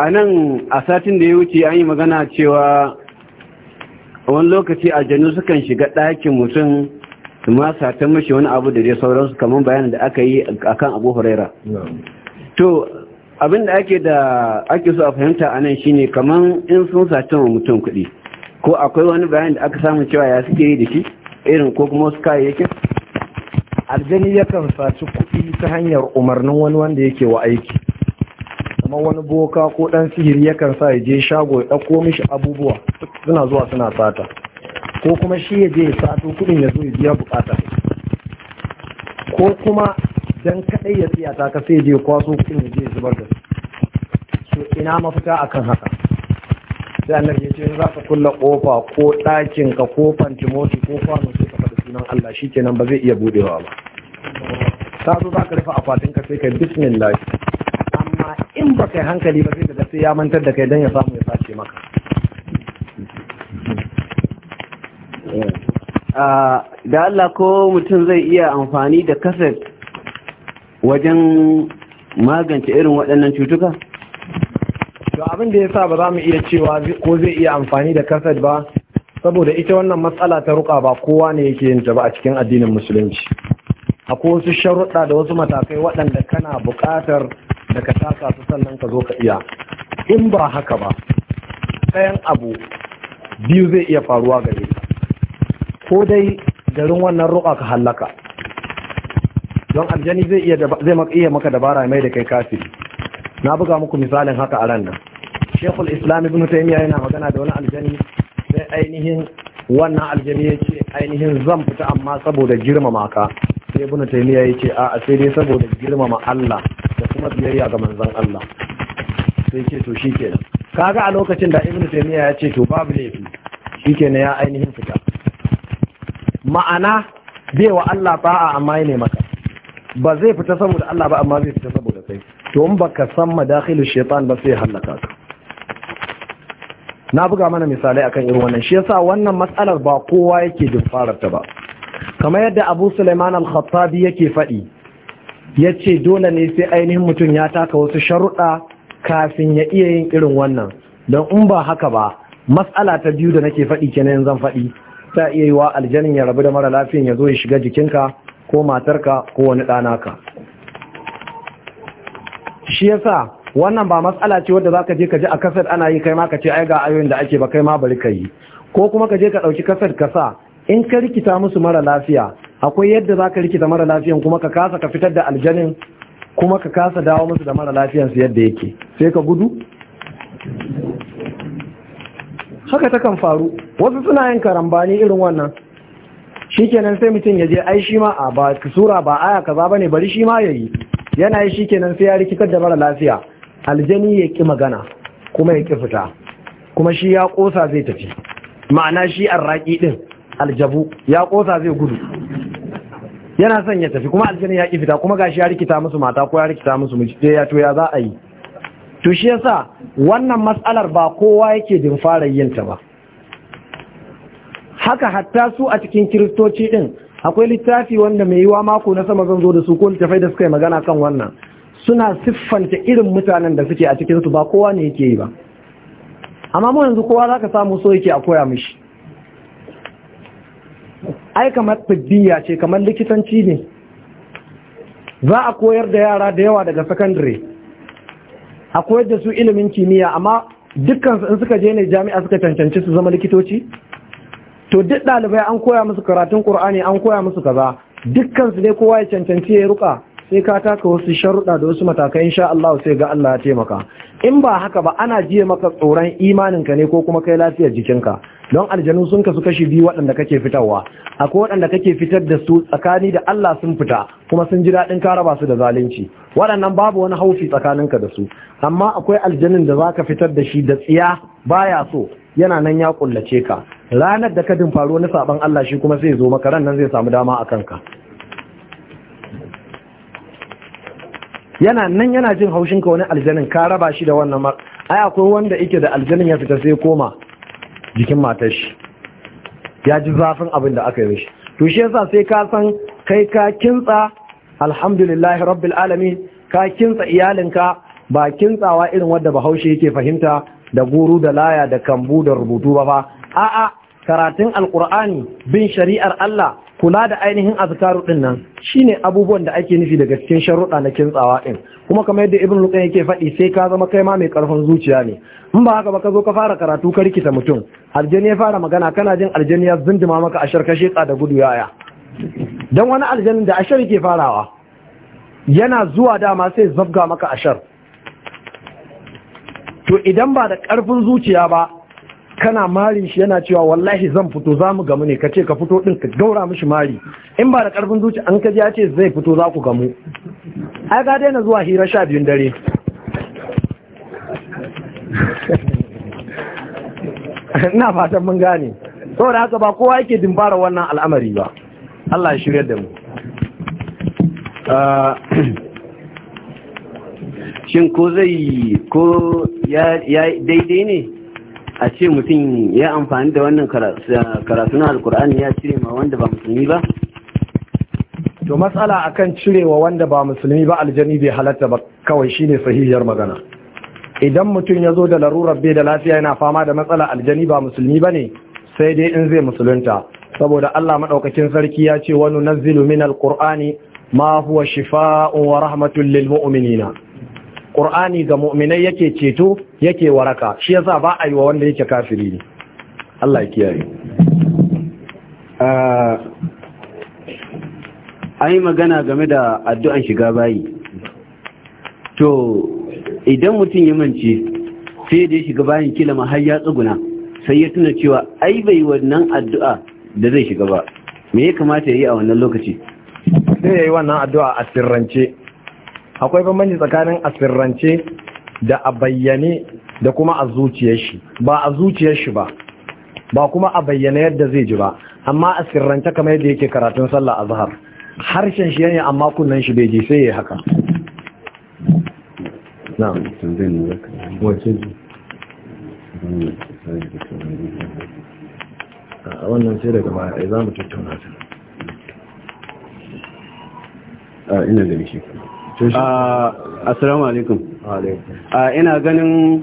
a nan a satin da ya wuce an yi magana cewa a wani lokaci aljanu sukan shiga ɗakin mutum su masa ta mashi wani abu da dai sauransu kamar bayanin da aka yi a kan abu huraira to abin da ake da ake so a fahimta a nan shine kamar in sun sata wa mutum kuɗi ko akwai wani bayan da aka samu cewa ya suke yi da shi irin ko kuma wasu kayayyakin aljani yakan saci kuɗi ta hanyar umarnin wani wanda yake wa aiki kamar wani boka ko dan sihiri yakan sa ya je shago ya ɗauko mishi abubuwa suna zuwa suna sata ko kuma shi ya je ya sato kudin ya zo ya biya bukata ko kuma dan kaɗai ya tsiya ta ka sai je kwaso kudin ya je ya zubar da su ina mafita akan haka sai annabi ya ce za ka kulla kofa ko ɗakin ka ko fantimoti ko kwano sai ka faɗi sunan Allah shikenan ba zai iya budewa ba ta zo za ka rufe akwatin ka sai ka bismillah amma in ba kai hankali ba sai da sai ya mantar da kai don ya samu ya sace maka eh. ah, da Allah ko mutum zai iya amfani da kaset wajen magance irin waɗannan cutuka? to abin da ya sa ba za mu iya cewa ko zai iya amfani da kaset ba saboda ita wannan matsala ta ruka ba kowa ne yake yin ta ba a cikin addinin musulunci akwai wasu sharuɗa da wasu matakai waɗanda kana buƙatar da ka taka su sannan ka zo ka iya in ba haka ba ɗayan abu biyu zai iya faruwa gare ka ko dai garin wannan roƙa ka hallaka don aljani zai iya maka dabara mai da kai kafi. na buga muku misalin haka a ran nan shekul islam ibn taymiya yana magana da wani aljani sai ainihin wannan aljani ya ce ainihin zan fita amma saboda girmama ka sai ibn taymiya ya ce a'a sai dai saboda girmama Allah kuma biyayya ga manzon Allah sai ce to shikenan kaga a lokacin da ibnu taymiya ya ce to babu laifi shikenan ya ainihin fita ma'ana bai wa Allah ba'a amma ne maka ba zai fita saboda Allah ba amma zai fita saboda kai to in baka san madakhilu shaytan ba sai halaka ka na buga mana misalai akan irin wannan shi yasa wannan matsalar ba kowa yake jin fararta ba kamar yadda Abu Sulaiman al-Khattabi yake faɗi ya ce dole ne sai ainihin mutum ya taka wasu sharuɗa kafin ya iya yin irin wannan don in ba haka ba matsala ta biyu da nake faɗi ke nan zan faɗi ta iya yi wa aljanin ya rabu da mara lafiyan ya zo ya shiga jikinka ko matarka ko wani ɗanaka shi yasa wannan ba matsala ce wadda za ka je ka ji a kasar ana yi kai ma ka ce ai ga ayoyin da ake ba kai ma bari ka yi ko kuma ka je ka ɗauki kasar ka sa in ka rikita musu mara lafiya akwai yadda za ka rikita mara lafiyan kuma ka kasa ka fitar da aljanin kuma ka kasa dawo musu da mara lafiyansu yadda yake sai ka gudu haka ta kan faru wasu suna yin karambani irin wannan shikenan sai mutum ya je ai shi ma a ba sura ba aya kaza ne bari shi ma yayi yana yi shikenan sai ya rikitar da mara lafiya aljani ya ki magana kuma ya ki fita kuma shi ya kosa zai tafi ma'ana shi arraki ɗin, aljabu ya kosa zai gudu yana son ya tafi kuma aljanna ya ki fita kuma gashi ya rikita musu mata ko ya rikita musu miji ya to ya za a yi to shi yasa wannan matsalar ba kowa yake din fara yin ta ba haka hatta su a cikin kiristoci din akwai littafi wanda mai yiwa mako na sama zan zo da su ko littafai da suka yi magana kan wannan suna siffanta irin mutanen da suke a cikin su ba kowa ne yake yi ba amma mu yanzu kowa zaka samu so yake a koya mishi ai kamar tibbiya ce kamar likitanci ne za a koyar da yara da yawa daga sakandare a koyar da su ilimin kimiyya amma dukkansu in suka je ne jami'a suka cancanci su zama likitoci to duk ɗalibai an koya musu karatun ƙur'ani an koya musu kaza dukkansu ne kowa ya cancanci ya ruka sai ka taka wasu sharuɗa da wasu matakai insha Allah sai ga Allah ya taimaka in ba haka ba ana jiya maka tsoron imaninka ne ko kuma kai lafiyar jikinka don aljanu sun kasu kashi biyu waɗanda kake fitarwa akwai waɗanda kake fitar da su tsakani da Allah sun fita kuma sun ji daɗin ka raba su da zalunci waɗannan babu wani haufi tsakaninka da su amma akwai aljanin da za ka fitar da shi da tsiya baya so yana nan ya kullace ka ranar da ka din na saban Allah shi kuma sai zo maka ran nan zai samu dama a kanka yana nan yana jin haushin ka wani aljanin ka raba shi da wannan mar ai akwai wanda yake da aljanin ya fita sai koma jikin matar shi ya ji zafin abin da aka yi mishi to shi yasa sai ka san kai ka kintsa alhamdulillahi rabbil alamin ka kintsa ka ba kintsawa irin wadda bahaushe yake fahimta da guru da laya da kambu da rubutu ba fa a'a karatun alqur'ani bin shari'ar Allah kula da ainihin azkaru din nan shine abubuwan da ake nufi daga cikin sharuɗa na kintsawa din kuma kamar yadda ibn luqay yake faɗi sai ka zama kai ma mai karfin zuciya ne in ba haka ba ka zo ka fara karatu ka rikita mutum aljani ya fara magana kana jin aljani ya zindima maka ashar ka sheka da gudu yaya dan wani Aljani da ashar ke farawa yana zuwa dama sai zabga maka ashar to idan ba da karfin zuciya ba kana marin shi yana cewa wallahi zan fito za mu gamu ne ka ce ka fito din ka gaura mishi mari in ba da karfin zuci an ka ya ce zai fito za ku gamu ai ga daina zuwa hira sha biyun dare ina fatan mun gane saboda haka ba kowa yake dimbara wannan al'amari ba Allah ya shirya da mu ah, shin ko zai ko ya daidai ne a ce mutum ya amfani da wannan karatu na alkur'ani ya cire ma wanda ba musulmi ba to matsala akan cirewa wanda ba musulmi ba aljani bai halatta ba kawai shine sahihiyar magana idan mutum ya zo da larurar bai da lafiya yana fama da matsala aljani ba musulmi ba ne sai dai in zai musulunta saboda Allah maɗaukakin sarki ya ce wani nazilu min alkur'ani ma huwa shifa'un wa rahmatun lil mu'minina Qur'ani ga mu'minai yake ceto yake waraka shi yasa ba a yi wa wanda yake kafiri ne Allah ya kiyaye a yi magana game da addu'an shiga bayi to idan mutum ya mance sai da ya shiga bayan kila ma har ya tsuguna sai ya tuna cewa ai bai wannan addu'a da zai shiga ba me ya kamata ya yi a wannan lokaci sai ya yi wannan addu'a a sirrance akwai bambanci tsakanin asirrance da a bayyane da kuma a zuciyar shi ba a zuciyar shi ba ba kuma a bayyane yadda zai ji ba amma a sirrance kamar yadda yake karatun sallah azhar harshen shi yanayi amma kunnan shi bai ji sai yayi haka wannan sai daga baya za mu tattauna ta ina da mishi kuma Ah, assalamu alaikum ah, ina ganin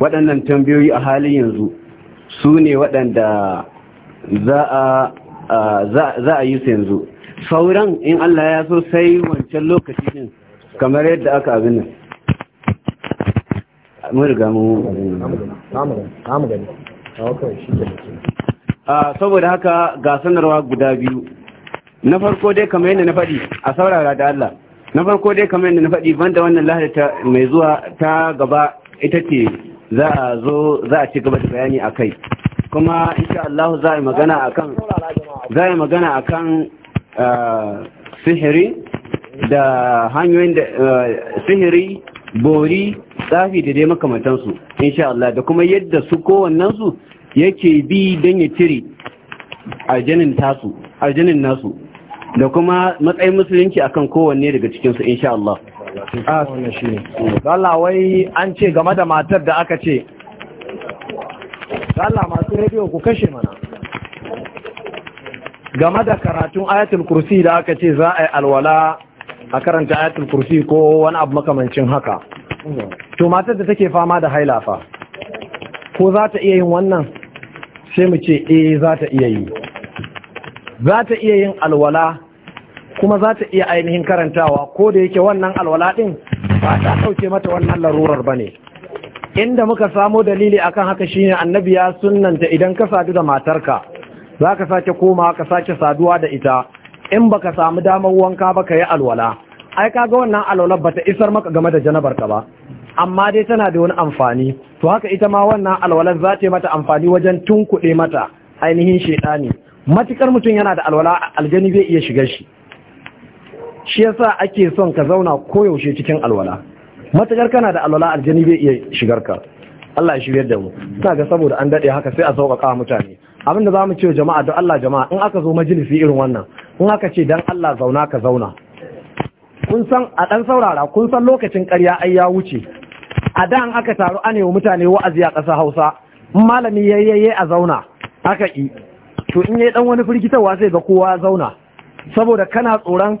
waɗannan tambayoyi a halin yanzu su ne waɗanda za a yi su yanzu sauran in Allah ya so sai wancan lokaci din kamar yadda aka abin nan mun riga ah, saboda haka ga sanarwa guda biyu na farko dai kamar yadda na faɗi a saurara da Allah na farko dai kamar yadda na faɗi banda wannan lahada mai zuwa ta gaba ita ce za a zo za a ci gaba da bayani a kai kuma insha Allah za a yi magana kan za a yi magana akan ah, sihiri da hanyoyin da ah, sihiri bori tsafi da dai makamantansu insha Allah da kuma yadda su kowannensu yake bi don ya cire aljanin tasu nasu da kuma matsayin musulunci akan kowanne daga cikinsu insha Allah. Ah, Allah wai an ce game da matar da aka ce, Allah masu rediyo ku kashe mana. Game da karatun ayatul kursi da aka ce za a yi alwala a karanta ayatul kursi ko wani abu makamancin haka. To matar da take fama da hailafa, ko za ta iya yin wannan sai mu ce e, za ta iya yi. Za ta iya yin alwala kuma za ta iya ainihin karantawa ko da yake wannan alwala ɗin ba ta ɗauke mata wannan larurar ba ne inda muka samo dalili akan haka shi ne, annabi ya sunanta, idan ka sadu da matarka za ka sake koma ka sake saduwa da ita in baka samu damar wanka ba ka yi alwala ai kaga wannan alwalar ta isar maka game da janabar ka ba amma dai tana da wani amfani to haka ita ma wannan alwalar za ta yi mata amfani wajen tunkuɗe mata ainihin shedani matukar mutum yana da alwala aljani zai iya shiga shi shi yasa ake son ka zauna koyaushe cikin alwala matakar kana da alwala aljani bai iya shigar ka Allah ya shiryar da mu ina ga saboda an dade haka sai a sauƙaƙa mutane abinda za mu ce jama'a don Allah jama'a in aka zo majalisi irin wannan in aka ce don Allah zauna ka zauna kun san a ɗan saurara kun san lokacin ƙarya ai ya wuce a da an aka taru yi wa mutane wa'azi a ƙasa Hausa in malami yayye a zauna aka ƙi to in yi ɗan wani firgitarwa sai ga kowa zauna saboda kana tsoron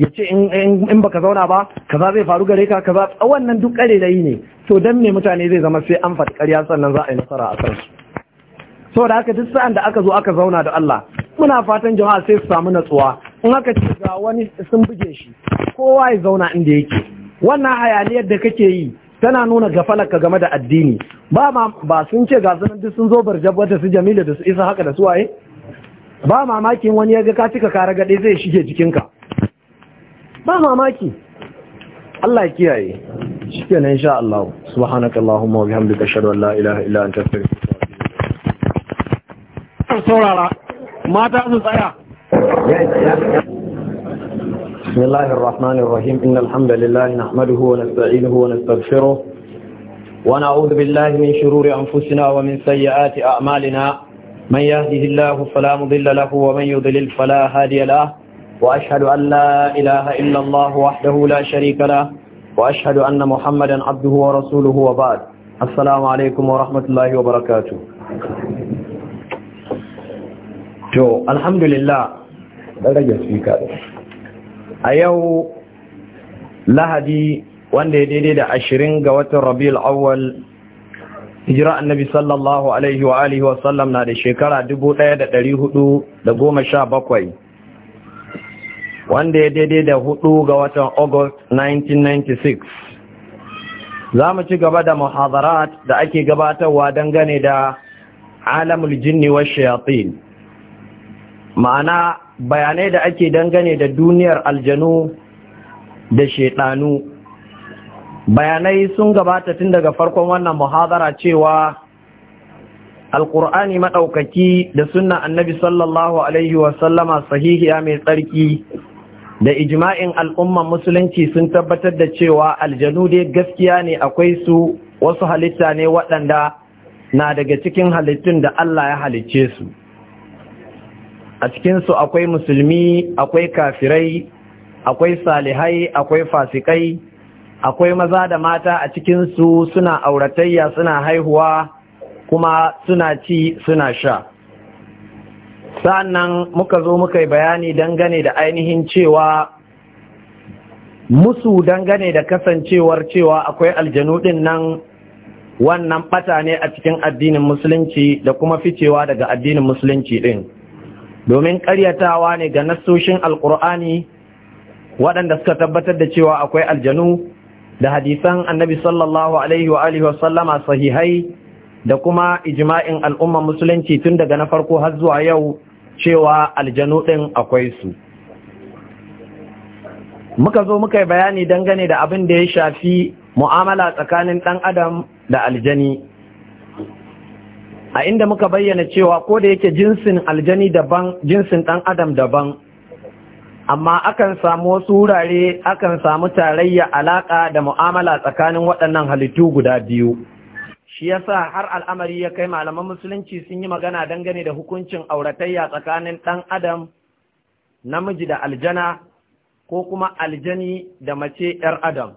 ya ce in baka zauna ba kaza zai faru gare ka kaza wannan duk yi ne to dan me mutane zai zama sai an faɗi ƙarya sannan za a yi nasara a kansu da haka duk sa'an da aka zo aka zauna da Allah muna fatan jama'a sai su samu natsuwa in aka ce ga wani sun buge shi kowa ya zauna inda yake wannan hayaniyar da kake yi tana nuna ka game da addini ba ma ba sun ce ga sunan duk sun zo barjabba da su Jamila da su Isa haka da su waye ba mamakin wani ya ga ka cika kare gade zai shige jikinka ba mamaki Allah kiyaye shikenan insha Allah subhanakallahumma wa bihamdika ashhadu an la ilaha illa anta wa atubu saurara mata su tsaya بسم الله الرحمن الرحيم إن الحمد لله نحمده ونستعينه ونستغفره ونعوذ بالله من شرور أنفسنا ومن سيئات أعمالنا من يهده الله فلا مضل له ومن يضلل فلا هادي له وأشهد أن لا إله إلا الله وحده لا شريك له وأشهد أن محمدا عبده ورسوله وبعد السلام عليكم ورحمة الله وبركاته to alhamdulillah dan rage a yau lahadi wanda ya daidai da ashirin ga watan rabiul awwal hijira annabi sallallahu alaihi wa alihi wa sallam na da shekara bakwai. wanda ya daidai da hudu ga watan August 1996. Za mu ci gaba da muhazarat da ake gabatarwa dangane da alamul jinni wa shayatin. Ma'ana bayanai da ake dangane da duniyar aljanu da shaidanu. Bayanai sun gabata tun daga farkon wannan muhazara cewa alkur'ani maɗaukaki da sunna annabi sallallahu alaihi wasallama sahihiya mai tsarki da ijma'in al'umman musulunci sun tabbatar da cewa aljanu dai gaskiya ne akwai su wasu halitta ne waɗanda na daga cikin halittun da Allah ya halicce su a cikinsu akwai musulmi akwai kafirai akwai salihai akwai fasikai akwai maza da mata a cikinsu suna auratayya suna haihuwa kuma suna ci suna sha sa'annan muka zo muka yi bayani dangane da ainihin cewa musu dangane da kasancewar cewa akwai aljanu ɗin nan wannan ɓata ne a cikin addinin musulunci da kuma ficewa daga addinin musulunci ɗin domin karyatawa ne ga nassoshin alƙur'ani waɗanda suka tabbatar da cewa akwai aljanu da hadisan annabi sallallahu alaihi wa alihi sahihai da kuma ijma'in al'ummar musulunci tun daga na farko har zuwa yau cewa aljanu ɗin akwai su muka zo muka yi bayani dangane da abin da ya shafi mu'amala tsakanin ɗan adam da aljani a inda muka bayyana cewa ko da yake jinsin aljani daban jinsin ɗan adam daban amma akan samu wasu wurare akan samu tarayya alaƙa da mu'amala tsakanin waɗannan halittu guda biyu shi yasa har al'amari ya kai malaman musulunci sun yi magana dangane da hukuncin auratayya tsakanin ɗan adam namiji da aljana ko kuma aljani da mace ‘yar adam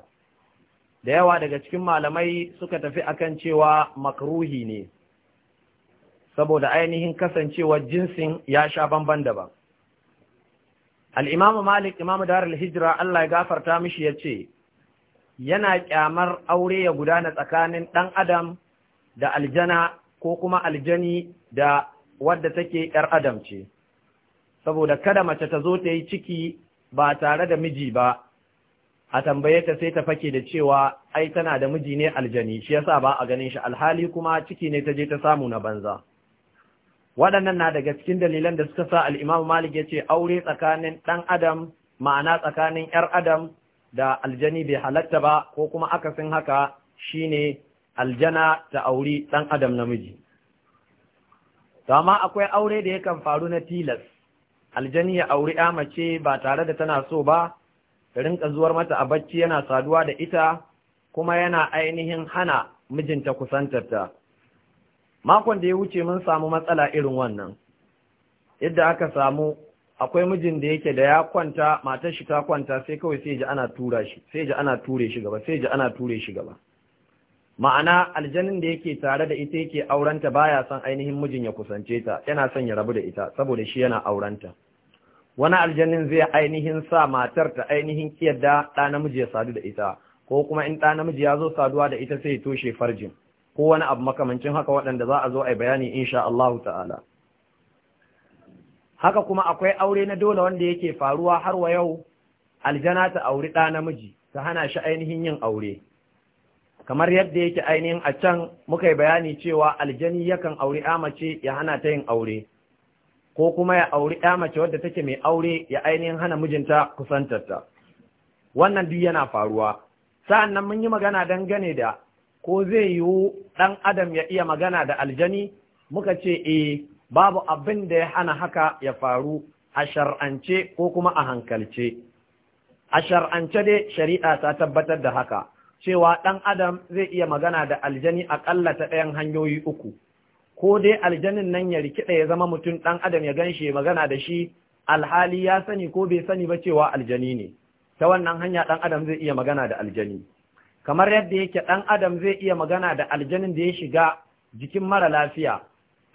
da yawa daga cikin malamai suka tafi akan cewa makruhi ne saboda ainihin kasancewa jinsin ya sha bamban daban al'imamu malik imamu darul hijira Allah ya gafarta mishi ya ce yana kyamar aure ya gudana tsakanin ɗan adam da aljana ko kuma aljani da wadda take ‘yar adam ce, saboda kada mace ta zo ta yi ciki ba tare da miji ba, a tambaye ta sai ta fake da cewa ai tana da miji ne aljani, shi yasa ba a ganin shi alhali kuma ciki ne ta je ta samu na banza. Waɗannan na daga cikin dalilan da suka sa al'imam Malik ya ce aure tsakanin ɗan adam ma'ana tsakanin ‘yar adam da aljani bai halatta ba ko kuma akasin haka shine aljana ta aure ɗan adam namiji to amma akwai aure da yakan faru na tilas aljani ya auri ya mace ba tare da tana so ba ta rinka zuwar mata a bacci yana saduwa da ita kuma yana ainihin hana mijinta kusantarta makon da ya wuce mun samu matsala irin wannan yadda aka samu akwai mijin da yake da ya kwanta matar shi ta kwanta sai kawai sai ji ana tura shi sai ji ana ture shi gaba sai ji ana ture shi gaba ma'ana aljanin da yake tare da ita yake aurenta baya son ainihin mijin ya kusance ta yana son ya rabu da ita saboda shi yana aurenta wani aljanin zai ainihin sa matar ta ainihin kiyarda ɗa namiji ya sadu da ita ko kuma in ɗa namiji ya zo saduwa da ita sai ya toshe farjin ko wani abu makamancin haka waɗanda za a zo a bayani insha Allah ta'ala haka kuma akwai aure na dole wanda yake faruwa har wa yau aljana ta auri ɗa namiji ta hana shi ainihin yin aure kamar yadda yake ainihin a can muka yi bayani cewa aljani yakan auri mace ya hana ta yin aure ko kuma ya auri mace wadda take mai aure ya ainihin hana mijinta kusantarta wannan duk yana faruwa sa'an nan mun yi magana dangane da ko zai yiwu ɗan adam ya iya magana da aljani muka ce eh babu abin da ya hana haka ya faru a shar'ance ko kuma a hankalce a shar'ance dai shari'a ta tabbatar da haka cewa ɗan adam zai iya magana da aljani aƙalla ta ɗayan hanyoyi uku ko dai aljanin nan ya rikiɗa ya zama mutum ɗan adam ya gan shi magana da shi alhali ya sani ko bai sani ba cewa aljani ne ta wannan hanya ɗan adam zai iya magana da aljani kamar yadda yake ɗan adam zai iya magana da aljanin da ya shiga jikin mara lafiya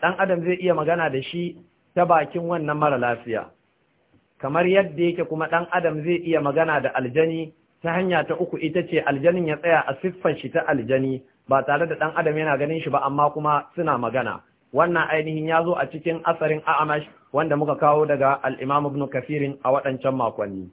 ɗan adam zai iya magana da shi ta bakin wannan mara lafiya kamar yadda yake kuma ɗan adam zai iya magana da aljani ta hanya ta uku ita ce aljanin ya tsaya a siffan shi ta aljani ba tare da ɗan adam yana ganin shi ba amma kuma suna magana wannan ainihin ya zo a cikin asarin a'amash wanda muka kawo daga al'imam ibn kafirin a waɗancan makonni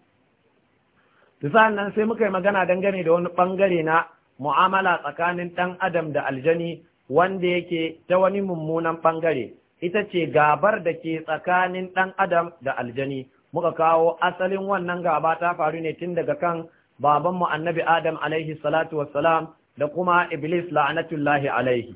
sa'an nan sai muka yi magana dangane da wani ɓangare na mu'amala tsakanin ɗan adam da aljani wanda yake ta wani mummunan ɓangare ita ce gabar da ke tsakanin ɗan adam da aljani muka kawo asalin wannan gaba ta faru ne tun daga kan babanmu annabi Adam alaihi salatu wassalam da kuma Iblis la'anatullahi alaihi.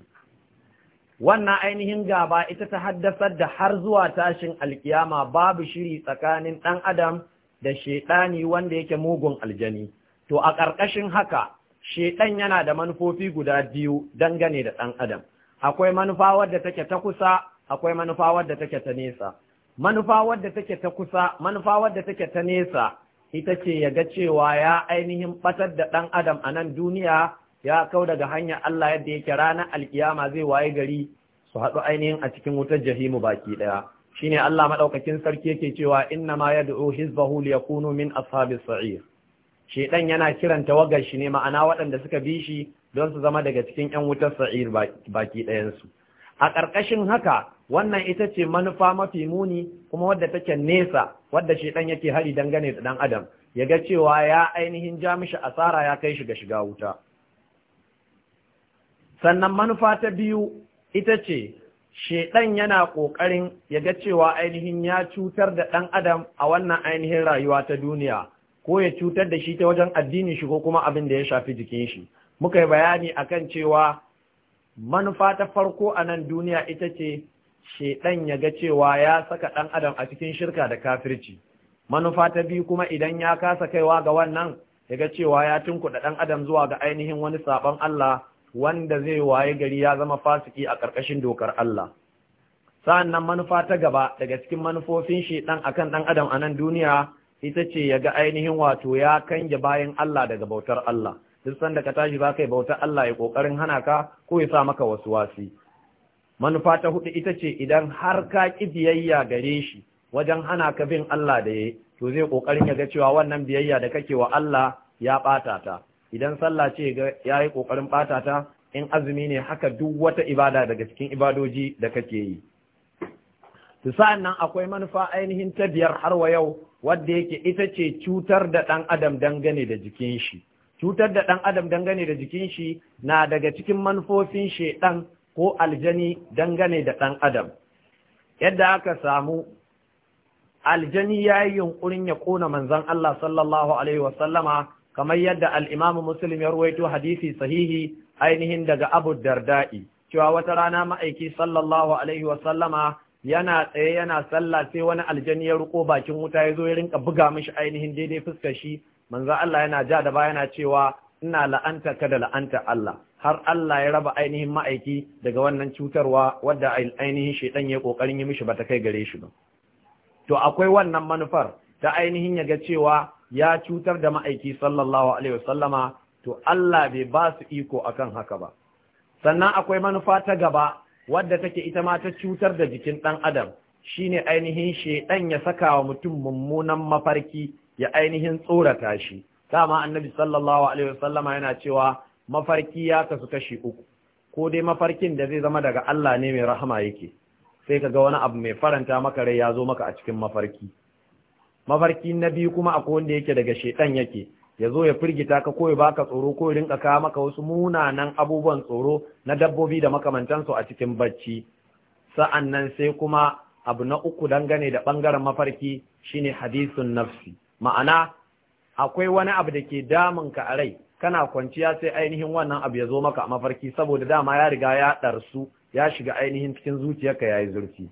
Wannan ainihin gaba ita ta haddasar da har zuwa tashin alkiyama babu shiri tsakanin ɗan Adam da shaiɗani wanda yake mugun aljani. To a ƙarƙashin haka, shaiɗan yana da manufofi guda biyu dangane da ɗan Adam. Akwai manufa wadda take ta kusa, akwai manufa wadda take ta nesa. Manufa wadda take ta kusa, manufa wadda take ta nesa, ita ce ya ga cewa ya ainihin batar da ɗan adam a nan duniya ya kau daga hanyar Allah yadda yake ranar alkiyama zai waye gari su haɗu ainihin a cikin wutar jahimu baki ɗaya ne Allah maɗaukakin sarki yake cewa inna ma ya yad'u hizbahu liyakunu min ashabis sa'ir shedan yana kiran tawagar shi ne ma'ana waɗanda suka bi shi don su zama daga cikin 'yan wutar sa'ir baki ɗayansu. a ƙarƙashin haka wannan ita ce manufa mafi muni kuma wadda take nesa wadda shi dan yake hari dangane da dan adam ya ga cewa ya ainihin ja mishi asara ya kai shi ga shiga wuta sannan manufa ta biyu ita ce shedan yana kokarin ya ga cewa ainihin ya cutar da dan adam a wannan ainihin rayuwa ta duniya ko ya cutar da shi ta wajen addinin shi ko kuma abin da ya shafi jikin shi muka yi bayani akan cewa manufa ta farko a nan duniya ita ce shedan ya ga cewa ya saka ɗan adam a cikin shirka da kafirci manufa ta biyu kuma idan ya kasa kaiwa ga wannan ya ga cewa ya tunkuɗa ɗan adam zuwa ga ainihin wani sabon Allah wanda zai waye gari ya zama fasiki a ƙarƙashin dokar Allah sa'annan manufa ta gaba daga cikin manufofin shedan akan ɗan adam a nan duniya ita ce ya ga ainihin wato ya kange bayan Allah daga bautar Allah duk sanda ka tashi ba kai bautar Allah ya kokarin hana ka ko ya sa maka wasu wasi manufa ta hudu ita ce idan har ka ki biyayya gare shi wajen hana ka bin Allah da yayi to zai kokarin ya ga cewa wannan biyayya da kake wa Allah ya bata ta idan sallah ce ga yayi kokarin bata ta in azumi ne haka duk wata ibada daga cikin ibadoji da kake yi to sa'an nan akwai manufa ainihin ta biyar har wa yau wadda yake ita ce cutar da ɗan adam dangane da jikin shi cutar da ɗan adam dangane da jikin shi na daga cikin manufofin shedan ko aljani dangane da ɗan adam yadda aka samu aljani ya yi yunkurin ya ƙona manzan Allah sallallahu alaihi wasallama kamar yadda al'imamu Musulmi ya ruwaito hadisi sahihi ainihin daga abu darda'i cewa wata rana ma'aiki sallallahu alaihi wasallama yana tsaye yana sallah sai wani aljani ya ruko bakin wuta ya zo ya rinka buga mishi ainihin daidai fuskar shi manzan Allah yana ja da ba yana cewa ina la'anta ka da la'anta Allah har Allah ya raba ainihin ma'aiki daga wannan cutarwa wadda ainihin shaidan ya kokarin yi mishi ta kai gare shi ba to akwai wannan manufar ta ainihin ya ga cewa ya cutar da ma'aiki sallallahu alaihi wasallama to Allah bai ba su iko akan haka ba sannan akwai manufa ta gaba wadda take ita ma ta cutar da jikin ɗan adam shi ne ainihin shaidan ya saka wa mutum mummunan mafarki ya ainihin tsorata shi dama annabi sallallahu alaihi wasallama yana cewa mafarki ya kasu kashi uku ko dai mafarkin da zai zama daga Allah ne mai rahama yake sai ka ga wani abu mai faranta maka rai ya zo maka a cikin mafarki mafarki na biyu kuma akwai wanda yake daga shedan yake ya zo ya firgita ka ko ya baka tsoro ko ya rinka kawo maka wasu munanan abubuwan tsoro na dabbobi da makamantansu a cikin bacci sa'an nan sai kuma abu na uku dangane da ɓangaren mafarki shine hadisun nafsi ma'ana akwai wani abu da ke damun ka a rai kana kwanciya sai ainihin wannan abu ya zo maka a mafarki saboda dama ya riga ya ɗarsu ya shiga ainihin cikin zuciyarka ya yi zurfi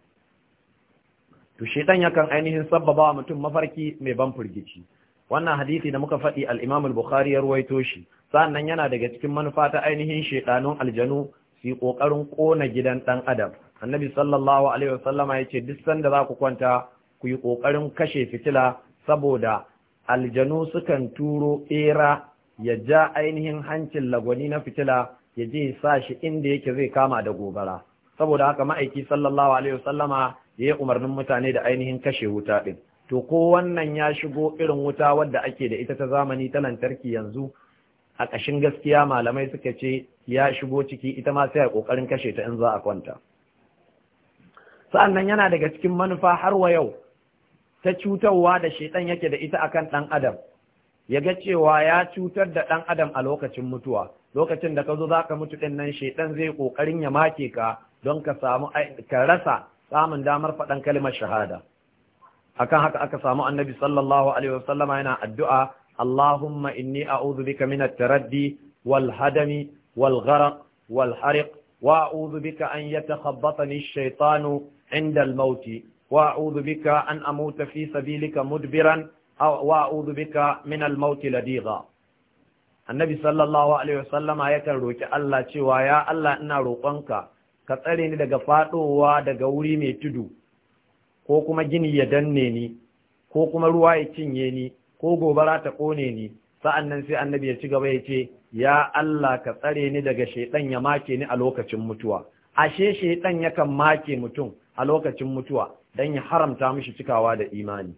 to shaitan yakan ainihin sabbaba wa mutum mafarki mai ban firgici wannan hadisi da muka faɗi al-imam al-bukhari ya ruwaito shi sannan yana daga cikin manufa ta ainihin shaitanun aljanu su yi ƙoƙarin ƙona gidan ɗan adam annabi sallallahu alaihi wasallama ya ce duk sanda za ku kwanta ku yi ƙoƙarin kashe fitila saboda aljanu sukan turo ɓera ya ja ainihin hancin lagwani na fitila ya je sa shi inda yake zai kama da gobara saboda haka ma'aiki sallallahu alaihi wasallama ya yi umarnin mutane da ainihin kashe wuta din to ko wannan ya shigo irin wuta wadda ake da ita ta zamani ta lantarki yanzu a ƙashin gaskiya malamai suka ce ya shigo ciki ita ma sai a ƙoƙarin kashe ta in za a kwanta sa'annan yana daga cikin manufa har wa yau ta cutarwa da shaitan yake da ita akan ɗan adam ya ga cewa ya cutar da ɗan adam a lokacin mutuwa lokacin da ka zo za ka mutu ɗin nan shaidan zai ƙoƙarin ya make ka don ka samu ka rasa samun damar faɗan kalmar shahada akan haka aka samu annabi sallallahu alaihi wasallama yana addu'a Allahumma inni a'udhu bika min at-taraddi wal hadami wal gharq wal hariq wa a'udhu bika an yatakhabbatani ash-shaytanu 'inda al-maut wa a'udhu bika an amuta fi sabilika mudbiran wa a'udhu bika min al-maut ladiga annabi sallallahu alaihi wasallama yakan roki Allah cewa ya Allah ina roƙonka ka tsare ni daga fadowa daga wuri mai tudu ko kuma gini ya danne ni ko kuma ruwa ya cinye ni ko gobara ta kone ni sa'annan sai annabi ya ci gaba ya ce ya Allah ka tsare ni daga shaidan ya make ni a lokacin mutuwa ashe shaidan yakan make mutum a lokacin mutuwa dan ya haramta mishi cikawa da imani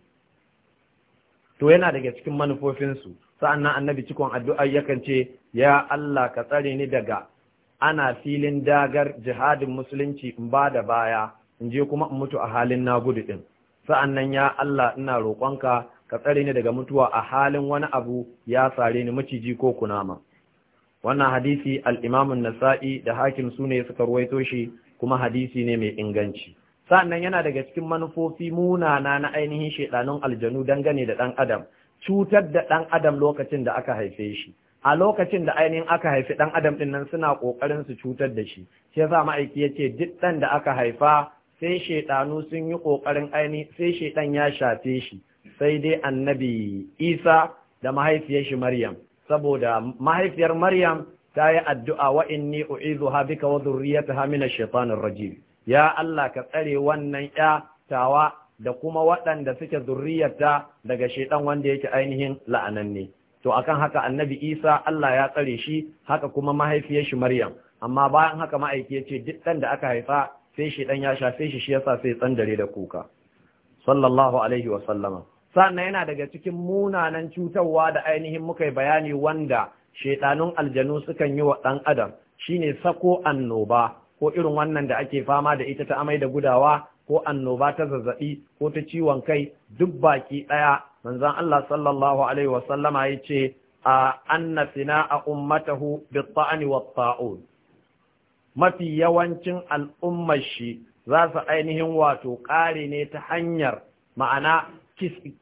to yana daga cikin manufofinsu sa'annan annabi cikon addu'a yakan ce ya Allah ka tsare ni daga ana filin dagar jihadin musulunci in ba da baya in je kuma in mutu a halin na nagudu din sa'annan ya Allah ina roƙonka ka tsare ni daga mutuwa a halin wani abu ya sare ni maciji ko kunama wannan hadisi al-Imam an-Nasa'i da Hakim sune suka ruwaito shi kuma hadisi ne mai inganci sannan yana daga cikin manufofi munana na ainihin shedanun aljanu dangane da ɗan adam cutar da ɗan adam lokacin da aka haife shi a lokacin da ainihin aka haifi ɗan adam ɗin nan suna kokarin su cutar da shi shi yasa ma'aiki yace duk dan da aka haifa sai shedanu sun yi kokarin ainihin sai shedan ya shafe shi sai dai annabi Isa da mahaifiyar shi Maryam saboda mahaifiyar Maryam ta yi addu'a wa inni u'izuha bika wa dhurriyyataha min ash-shaytanir rajim ya Allah ka tsare wannan ya tawa da kuma waɗanda suke zurriyarta daga shaidan wanda yake ainihin la'ananne to akan haka annabi Isa Allah ya tsare shi haka kuma mahaifiyar shi Maryam amma bayan haka ma'aiki ya ce duk ɗan da aka haifa sai shi ɗan ya shafe shi shi yasa sai tsandare da kuka sallallahu alaihi wa sannan yana daga cikin munanan cutarwa da ainihin muka yi bayani wanda shaiɗanun aljanu sukan yi wa ɗan adam shine sako annoba ko irin wannan da ake fama da ita ta amai da gudawa ko annoba ta zazzabi ko ta ciwon kai duk baki ɗaya manzon Allah sallallahu alaihi wasallama ya ce a anna sina'a ummatahu bi ta'ani wa ta'un mafi yawancin al'ummar shi za su ainihin wato ƙare ne ta hanyar ma'ana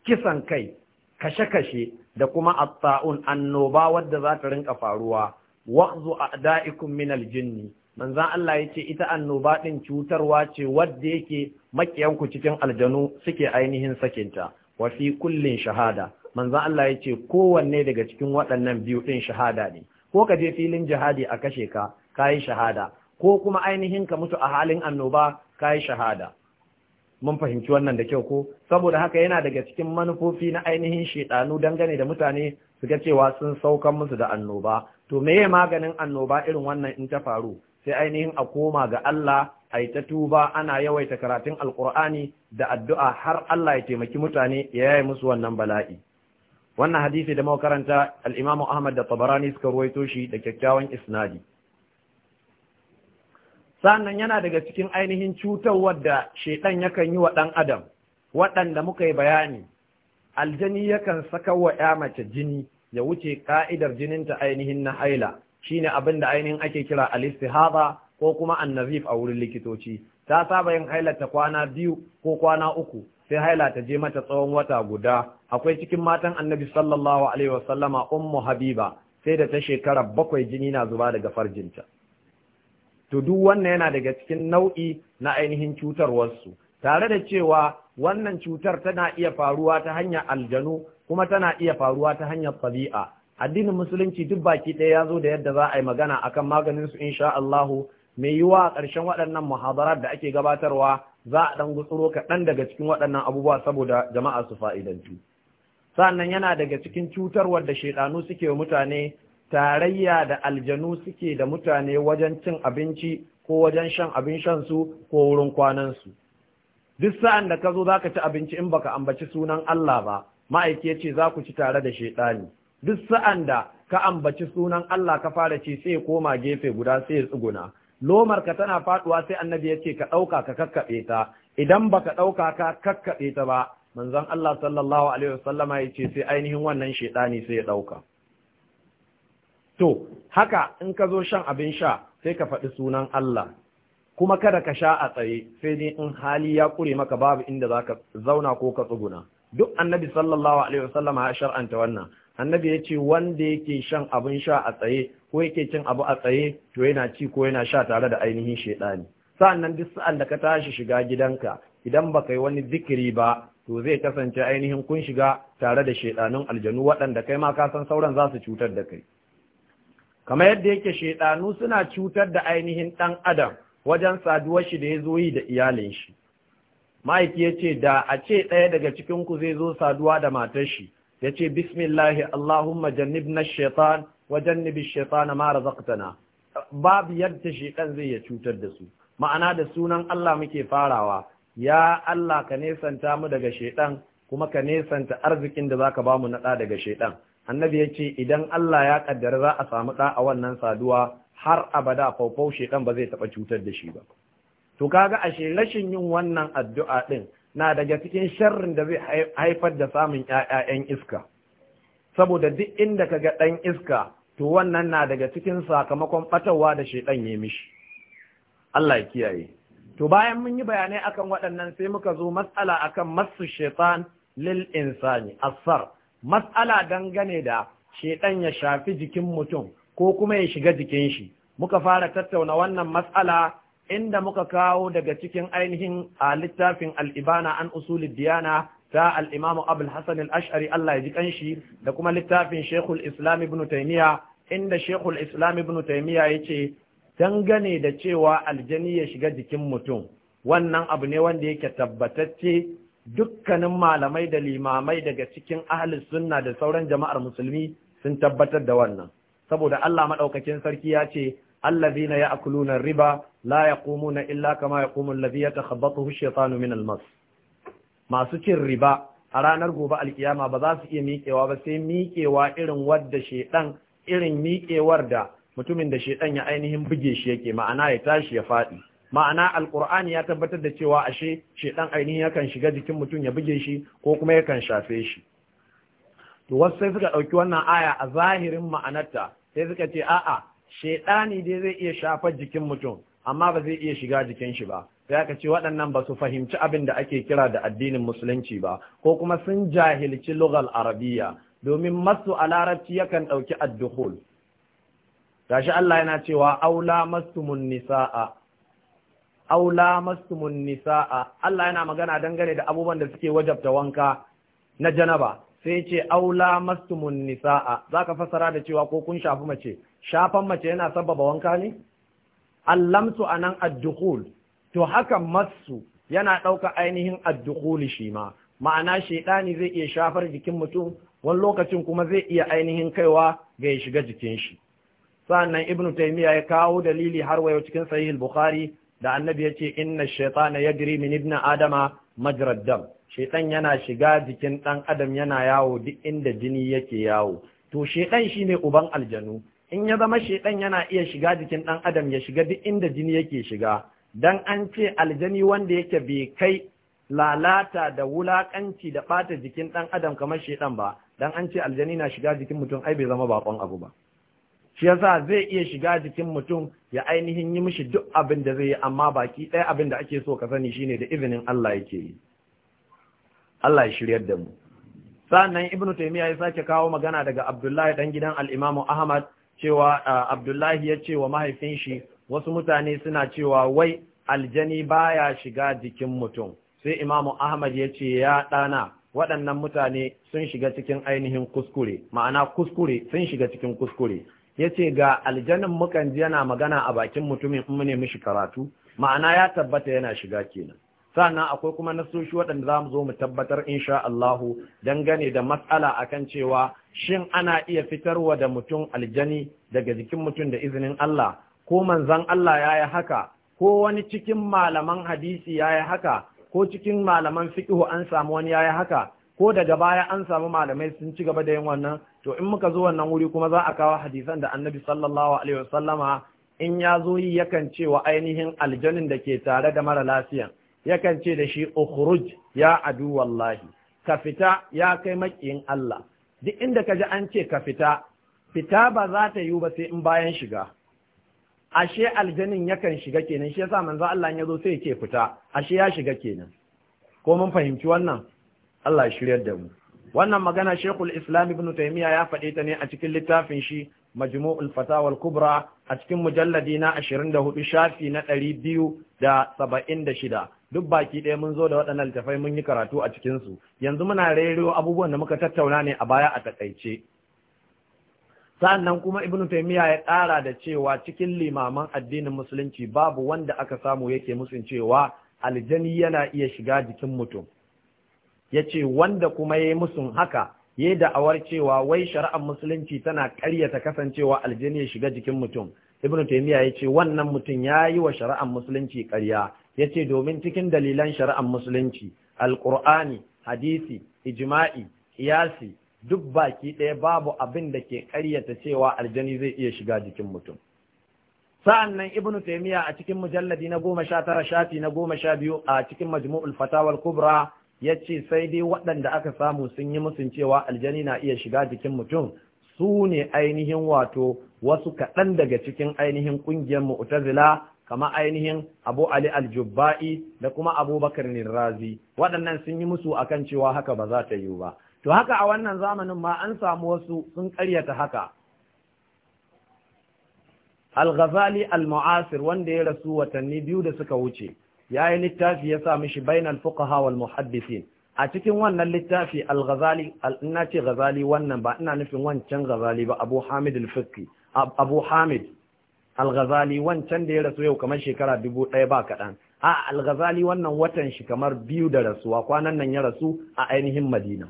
kisan kai kashe-kashe da kuma at-ta'un annoba wadda za ta rinka faruwa wa'zu a'da'ikum min jinni manzan Allah ya ce ita annoba ɗin cutarwa ce wadda yake makiyanku cikin aljanu suke ainihin sakinta wa fi kullin shahada manzan Allah ya ce kowanne daga cikin waɗannan biyu ɗin shahada ne ko ka je filin jihadi a kashe ka kayi shahada ko kuma ainihin ka mutu a halin annoba kayi shahada mun fahimci wannan da kyau ko saboda haka yana daga cikin manufofi na ainihin shaidanu dangane da mutane su ga cewa sun saukan musu da annoba to meye maganin annoba irin wannan in ta faru sai ainihin a koma ga Allah a yi ta tuba ana yawaita karatun alkur'ani da addu'a har Allah ya taimaki mutane ya yaye musu wannan bala'i wannan hadisi da makaranta al'imamu Ahmad da Tabarani suka ruwaito shi da kyakkyawan isnadi sannan yana daga cikin ainihin cutarwar da shaidan yakan yi wa ɗan adam waɗanda muka yi bayani aljani yakan saka wa ya mace jini ya wuce ka'idar jininta ainihin na haila shine abin da ainihin ake kira al-istihada ko kuma annazif a wurin likitoci ta saba yin hailata kwana biyu ko kwana uku sai haila ta je mata tsawon wata guda akwai cikin matan annabi sallallahu alaihi wasallama ummu habiba sai da ta shekara bakwai jini na zuba daga farjinta to duk wannan yana daga cikin nau'i na ainihin cutarwarsu tare da cewa wannan cutar tana iya faruwa ta hanyar aljanu kuma tana iya faruwa ta hanyar tabi'a addinin musulunci duk baki ɗaya ya zo da yadda za a yi magana akan maganin su insha Allahu mai yiwa a ƙarshen waɗannan muhabarar da ake gabatarwa za a ɗan gutsuro kaɗan daga cikin waɗannan abubuwa saboda jama'a su fa'idantu. Sannan yana daga cikin cutarwar da shaiɗanu suke wa mutane tarayya da aljanu suke da mutane wajen cin abinci ko wajen shan abin shan su ko wurin kwanan su. Duk sa'an da ka zo za ka ci abinci in baka ambaci sunan Allah ba, ma'aiki ya ce za ku ci tare da shaiɗani. duk sa'an da ka ambaci sunan Allah ka fara ce sai koma gefe guda sai ya tsuguna lomar ka tana faɗuwa sai annabi ya ce ka ɗauka ka kakkaɓe ta idan ka ɗauka ka kakkaɓe ta ba manzon Allah sallallahu alaihi wasallama ya ce sai ainihin wannan ne sai ya ɗauka to haka in ka zo shan abin sha sai ka faɗi sunan Allah kuma kada ka sha a tsaye sai dai in hali ya ƙure maka babu inda za ka zauna ko ka tsuguna duk annabi sallallahu alaihi wasallama ya shar'anta wannan annabi ya ce wanda yake shan abin sha a tsaye ko yake cin abu a tsaye to yana ci ko yana sha tare da ainihin shaidani sa'annan duk sa'an da ka tashi shiga gidanka idan baka yi wani zikiri ba to zai kasance ainihin kun shiga tare da shaidanun aljanu waɗanda kai ma ka san sauran za su cutar da kai kamar yadda yake shaidanu suna cutar da ainihin ɗan adam wajen saduwar shi da ya zo yi da iyalin shi ma'aiki ya ce da a ce ɗaya daga cikin ku zai zo saduwa da matar shi ya ce bismillahi Allahumma wajen shaitan wa jannibi shaitana ma razaqtana babu yadda shaitan zai ya cutar da su ma'ana da sunan Allah muke farawa ya Allah ka nesanta mu daga shaitan kuma ka nesanta arzikin da zaka bamu na da daga shaitan annabi ya ce idan Allah ya kaddara za a samu da a wannan saduwa har abada faufau shaitan ba zai taba cutar da shi ba to kaga ashe rashin yin wannan addu'a din na daga cikin sharrin da zai haifar da samun ‘ya'ya'yan iska saboda duk inda ka ga ɗan iska to wannan na daga cikin sakamakon ɓatawa da shaiɗan ya mishi Allah ya kiyaye to bayan mun yi bayanai akan waɗannan sai muka zo matsala akan masu shaitan lil insani asar matsala dangane da shaiɗan ya shafi jikin mutum ko kuma ya shiga jikin shi muka fara tattauna wannan matsala inda muka kawo daga cikin ainihin a littafin al'ibana an usuli diyana ta al'imamu abu hassan al'ashari Allah ya ji kanshi da kuma littafin shekul Islami ibn taimiya inda shekul Islami ibn taimiya ya ce dangane da cewa aljani ya shiga jikin mutum wannan abu ne wanda yake tabbatacce dukkanin malamai da limamai daga cikin ahalin sunna da sauran jama'ar musulmi sun tabbatar da wannan saboda Allah maɗaukakin sarki ya ce allazina ya'kuluna riba la na illa kama ya allazi yatakhabbathu ash-shaytanu min al-mas masu cin riba a ranar gobe alkiyama ba za su iya miƙewa ba sai miƙewa irin wadda shedan irin miƙewar da mutumin da shedan ya ainihin buge shi yake ma'ana ya tashi ya faɗi ma'ana alkur'ani ya tabbatar da cewa ashe shedan ainihin yakan shiga jikin mutum ya buge shi ko kuma yakan shafe shi to wasu sai suka ɗauki wannan aya a zahirin ma'anarta sai suka ce a'a shaidani dai zai iya shafar jikin mutum amma ba zai iya shiga jikin shi ba sai aka ce waɗannan ba su fahimci abin da ake kira da addinin musulunci ba ko kuma sun jahilci lugal arabiya domin masu a larabci yakan ɗauki adduhul gashi Allah yana cewa aula mastumun nisa'a aula mastumun nisa'a Allah yana magana dangane da abubuwan da suke wajabta wanka na janaba sai ce aula mastumun nisa'a ka fassara da cewa ko kun shafi mace shafan mace yana sababa wanka ne allamtu anan ad to haka masu yana ɗauka ainihin ad shi ma ma'ana shaidani zai iya shafar jikin mutum wani lokacin kuma zai iya ainihin kaiwa ga ya shiga jikin shi sannan ibn taymiya ya kawo dalili har wayo cikin sahih al-bukhari da annabi ya ce, inna ash-shaytana yajri min ibn adama majrad shaitan yana shiga jikin ɗan adam yana yawo duk inda jini yake yawo to shedan shine uban aljanu in ya zama shaitan yana iya shiga jikin ɗan adam ya shiga duk inda jini yake shiga dan an ce aljani wanda yake bai kai lalata da wulakanci da ɓata jikin ɗan adam kamar shaitan ba dan an ce aljani na shiga jikin mutum ai bai zama bakon abu ba shi yasa zai iya shiga jikin mutum ya ainihin yi mishi duk abin da zai yi amma baki ɗaya abin da ake so ka sani shine da izinin Allah yake yi Allah ya shiryar da mu sannan ibnu taymiya ya sake kawo magana daga abdullahi ɗan gidan al ahmad cewa abdullahi ya ce wa mahaifin shi wasu mutane suna cewa wai aljani baya shiga jikin mutum sai imam ahmad ya ce ya ɗana waɗannan mutane sun shiga cikin ainihin kuskure ma'ana kuskure sun shiga cikin kuskure ya ce ga aljanin mukan ji yana magana a bakin mutumin in mu ne shi karatu ma'ana ya tabbata yana shiga kenan sannan akwai kuma nasoshi waɗanda za mu zo mu tabbatar insha Allahu dangane da matsala akan cewa shin ana iya fitarwa da mutum aljani daga jikin mutum da izinin Allah ko manzan Allah ya yi haka ko wani cikin malaman hadisi ya yi haka ko cikin malaman fiƙihu an samu wani ya yi haka ko daga baya an samu malamai sun ci gaba da yin wannan to in muka zo wannan wuri kuma za a kawo hadisan da Annabi sallallahu alaihi wasallama in ya zo yi yakan cewa ainihin aljanin da ke tare da mara lafiyan yakan ce da shi ukhruj ya adu wallahi ka fita ya kai makiyin Allah duk inda ka ji an ce ka fita fita ba za ta yiwu ba sai in bayan shiga ashe aljanin yakan shiga kenan shi yasa manzo Allah ya zo sai ya fita ashe ya shiga kenan ko mun fahimci wannan Allah ya shiryar da mu wannan magana Sheikhul Islam Ibn Taymiyyah ya faɗe ta ne a cikin littafin shi Majmu'ul Fatawa al-Kubra a cikin mujalladi na 24 shafi na 276 duk baki ɗaya mun zo da waɗannan littafai mun yi karatu a cikinsu yanzu muna rairo abubuwan da muka tattauna ne a baya a takaice sannan kuma ibnu taymiya ya ƙara da cewa cikin limaman addinin musulunci babu wanda aka samu yake musun cewa aljani yana iya shiga jikin mutum yace wanda kuma yayi musun haka yayi da'awar cewa wai shari'ar musulunci tana ƙaryata kasancewa aljani ya shiga jikin mutum ibnu taymiya ce wannan mutum yayi wa shari'ar musulunci ƙarya yace domin cikin dalilan shari'ar musulunci alqur'ani hadisi ijma'i qiyasi duk baki ɗaya babu abin da ke ƙaryata cewa aljani zai iya shiga jikin mutum Sa'annan nan ibn a cikin mujalladi na goma sha tara shafi na goma sha biyu a cikin majmu'ul fatawar kubra ya ce sai dai waɗanda aka samu sun yi musun cewa aljani na iya shiga jikin mutum su ne ainihin wato wasu kaɗan daga cikin ainihin ƙungiyar mu'tazila kama ainihin Abu Ali al da kuma Abubakar nirazi waɗannan sun yi musu akan cewa haka ba za ta yiwu ba to haka a wannan zamanin ma an samu wasu sun ƙaryata haka Al-Ghazali al-Mu'asir wanda ya rasu watanni biyu da suka wuce ya yi littafi ya sa mishi bainal fuqaha wal muhaddisin a cikin wannan littafi al-Ghazali ina ce Ghazali wannan ba ina nufin wancan Ghazali ba Abu Hamid al Abu Hamid al-ghazali wancan da ya rasu yau kamar shekara dubu ɗaya ba kaɗan a al-ghazali wannan watan shi kamar biyu da rasuwa kwanan nan ya rasu a ainihin madina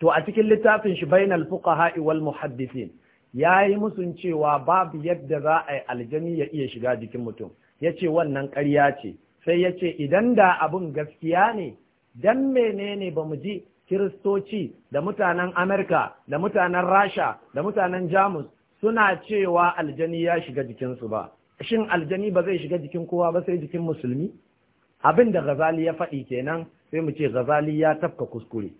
to a cikin littafin shi bainal fuqaha wal muhaddisin yayi musun cewa babu yadda za a yi aljani ya iya shiga jikin mutum yace wannan ƙarya ce sai yace idan da abun gaskiya ne dan menene bamu ji kiristoci da mutanen Amerika da mutanen Rasha da mutanen Jamus suna cewa aljani ya shiga jikinsu ba shin aljani ba zai shiga jikin kowa ba sai jikin musulmi abin da gazali ya faɗi kenan sai mu ce gazali ya tafka kuskure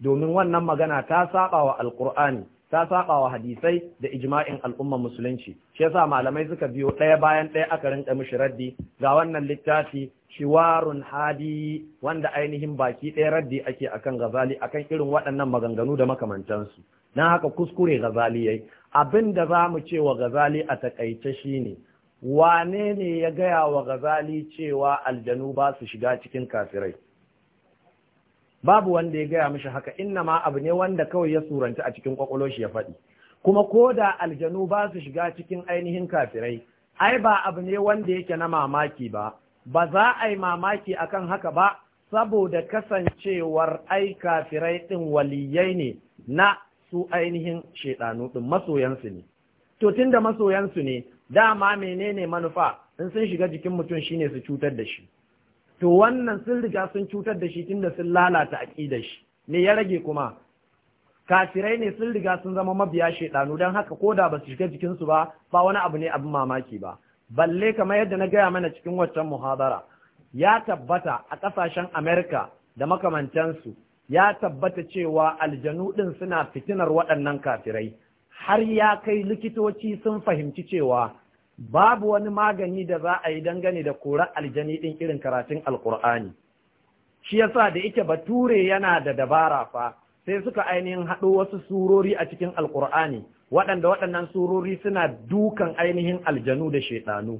domin wannan magana ta saba wa Alƙur'ani, ta saba wa hadisai da ijma'in al'umma musulunci shi yasa malamai suka biyo ɗaya bayan ɗaya aka rinka mishi raddi ga wannan littafi shiwarun hadi wanda ainihin baki ɗaya raddi ake akan gazali, akan irin waɗannan maganganu da makamantansu na haka kuskure ghazali yayi abin da za mu ce wa gazali a takaice ne wane ne ya gaya wa gazali cewa aljanu ba su shiga cikin kafirai babu wanda ya gaya mishi haka inna ma abu ne wanda kawai ya suranta a cikin kwakwalo shi ya faɗi kuma ko da aljanu ba su shiga cikin ainihin kafirai ai ba abu ne wanda yake na mamaki ba ba za a yi mamaki akan haka ba saboda kasancewar ai kafirai ɗin waliyai ne na su ainihin shaidanu din masoyansu ne to tun da masoyansu ne dama menene manufa in sun shiga jikin mutum shine su cutar da shi to wannan sun riga sun cutar da shi tun da sun lalata aƙidar shi ne ya rage kuma kafirai ne sun riga sun zama mabiya shaidanu don haka ko da ba su shiga jikinsu ba ba wani abu ne abin mamaki ba balle kamar yadda na gaya mana cikin waccan muhabara ya tabbata a ƙasashen amerika da makamantansu ya tabbata cewa aljanu ɗin suna fitinar waɗannan kafirai har ya kai likitoci sun fahimci cewa babu wani magani da za a yi dangane da korar aljani din irin karatun alkur'ani shi yasa da yake bature yana da dabara fa sai suka ainihin haɗo wasu surori a cikin alkur'ani waɗanda waɗannan surori suna dukan ainihin aljanu da shaiɗanu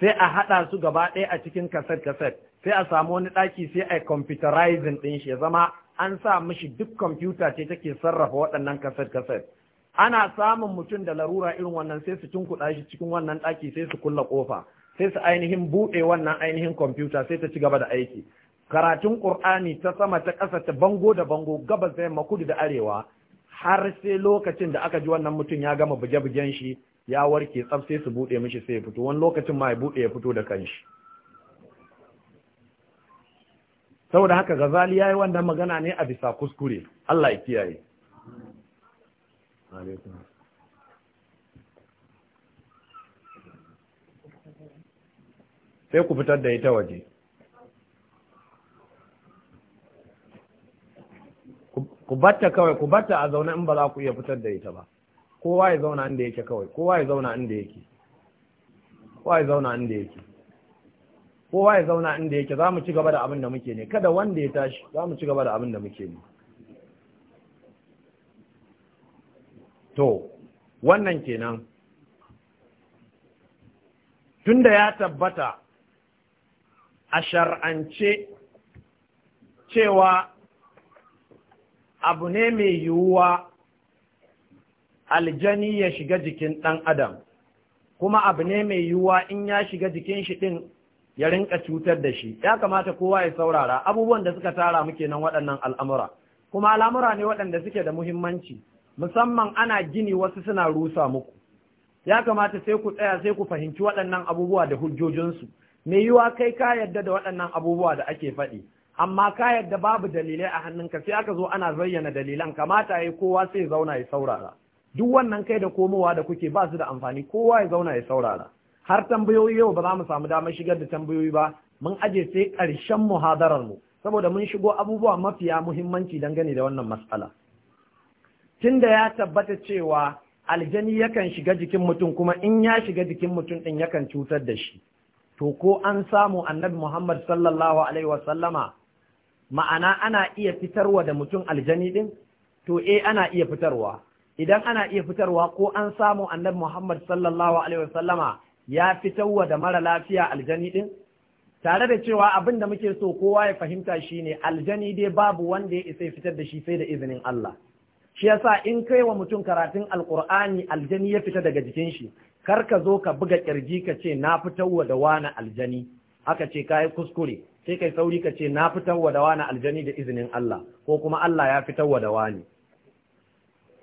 sai a haɗa su gaba ɗaya a cikin kaset kaset sai a samu wani ɗaki sai a computerizing ɗin shi ya zama an sa mishi duk kwamfuta ce take sarrafa waɗannan kaset kaset ana samun mutum da larura irin wannan sai su tunkuɗa shi cikin wannan ɗaki sai su kulla ƙofa sai su ainihin buɗe wannan ainihin kwamfuta sai ta ci gaba da aiki karatun ƙur'ani ta sama ta ƙasa ta bango da bango gabas da yamma kudu da arewa har sai lokacin da aka ji wannan mutum ya gama buge-bugen shi ya warke tsaf sai su buɗe mishi sai ya fito wani lokacin ma ya buɗe ya fito da kanshi. saboda haka gazali ya yi wannan magana ne a bisa kuskure Allah ya kiyaye sai ku fitar da ita waje ku batta kawai ku batta a zaune in ba za ku iya fitar da ita ba kowa ya zauna inda yake kawai kowa ya zauna inda yake kowa ya zauna inda yake kowa ya zauna inda yake za mu ci gaba da abin da muke ne kada wanda ya tashi za mu ci gaba da abin da muke ne to wannan kenan tunda ya tabbata a shar'ance cewa abu ne mai yiwuwa aljani ya shiga jikin ɗan adam kuma abu ne mai yiwuwa in ya shiga jikin shi ɗin ya rinka cutar da shi ya kamata kowa ya saurara abubuwan da suka tara muke nan waɗannan al'amura kuma al'amura ne waɗanda suke da muhimmanci musamman ana gini wasu suna rusa muku ya kamata sai ku tsaya sai ku fahimci waɗannan abubuwa da hujjojinsu me yiwa kai ka yadda da waɗannan abubuwa da ake faɗi amma ka yadda babu dalilai a hannunka sai aka zo ana zayyana dalilan kamata ya kowa sai zauna ya saurara duk wannan kai da komowa da kuke ba su da amfani kowa ya zauna ya saurara har tambayoyi yau ba za mu samu damar shigar da tambayoyi ba mun aje sai ƙarshen muhadarar mu saboda mun shigo abubuwa mafiya muhimmanci dangane da wannan matsala tunda ya tabbata cewa aljani yakan shiga jikin mutum kuma in ya shiga jikin mutum ɗin yakan cutar da shi to ko an samu annabi Muhammad sallallahu alaihi wasallama ma'ana ana iya fitarwa da mutum aljani din to eh ana iya fitarwa idan ana iya fitarwa ko an samu annabi Muhammad sallallahu alaihi wasallama ya fitarwa da mara lafiya aljani din? Tare da cewa abin da muke so kowa ya fahimta shi ne aljani dai babu wanda ya isa fitar da shi sai da izinin Allah. Shi yasa in kai wa mutum karatun alkur'ani aljani ya fita daga jikin shi, kar ka zo ka buga kirji ka ce na fitarwa da wani aljani, aka ce ka yi kuskure, sai kai sauri ka ce na fitarwa da wani aljani da izinin Allah, ko kuma Allah ya fitarwa da wani.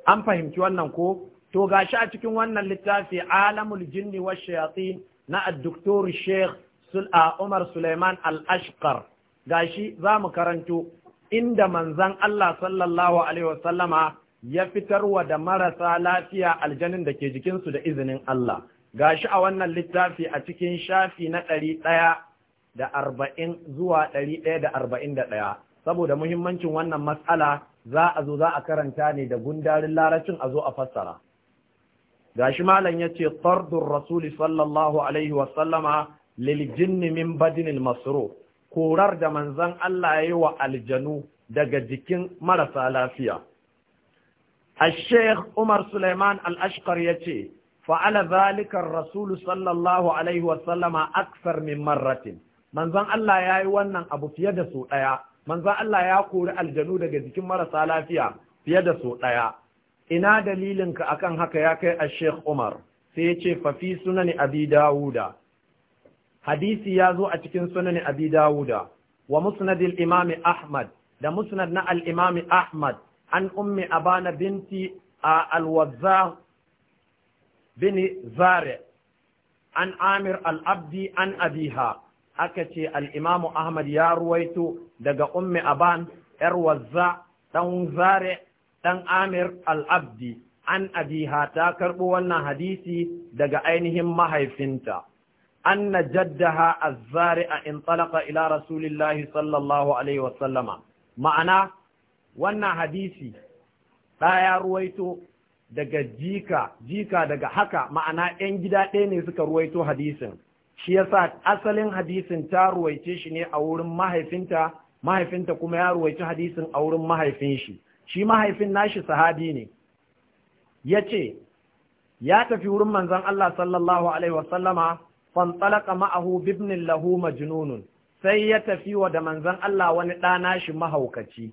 An fahimci wannan ko to gashi a cikin wannan littafi alamul jinni wa shayatin na addoktor sheikh sul'a umar suleiman al ashkar gashi za mu karanto inda manzan Allah sallallahu alaihi wasallama ya fitarwa da marasa lafiya aljanin da ke jikinsu da izinin Allah gashi a wannan littafi a cikin shafi na ɗari ɗaya da arba'in zuwa ɗari ɗaya da arba'in da ɗaya saboda muhimmancin wannan matsala za a zo za a karanta ne da gundarin larabcin a zo a fassara shi malam yace tardur rasuli sallallahu alaihi wa sallama min badinil masro korar da manzan Allah yayi wa aljanu daga jikin marasa lafiya الشيخ umar suleiman الأشقر ya ce, ذلك الرسول صلى الله عليه وسلم أكثر من مرة manzan Allah ya yi wannan abu fiye da su ɗaya. manzon Allah ya kori aljanu daga jikin marasa lafiya fiye da su ɗaya. ina dalilinka akan haka ya kai a Sheikh Umar sai ya ce fafi sunani abi Dawuda hadisi ya zo a cikin sunani abi Dawuda wa musnadil imami Ahmad da musnad na al'imami imami Ahmad an ummi abana binti al-Wazzah bin Zare an Amir al'abdi abdi an abiha aka ce al-imamu Ahmad ya ruwaito daga ummi aban 'yar wazza ɗan zare ɗan Amir al-Abdi an abiha ta karɓo wannan hadisi daga ainihin mahaifinta. أن جدها الزارع انطلق إلى رسول الله صلى الله عليه وسلم معنى وانا حديثي لا ruwaito daga jika jika daga haka ma'ana yan gida ɗaya ne suka ruwaito hadisin shi yasa asalin hadisin ta ruwaice shi ne a wurin mahaifinta mahaifinta kuma ya ruwaici hadisin a wurin mahaifin shi shi mahaifin nashi sahabi ne ya ce ya tafi wurin manzon Allah sallallahu alaihi wasallama fantalaka ma'ahu bibnin lahu majnunun sai ya tafi wa da manzan Allah wani ɗa nashi mahaukaci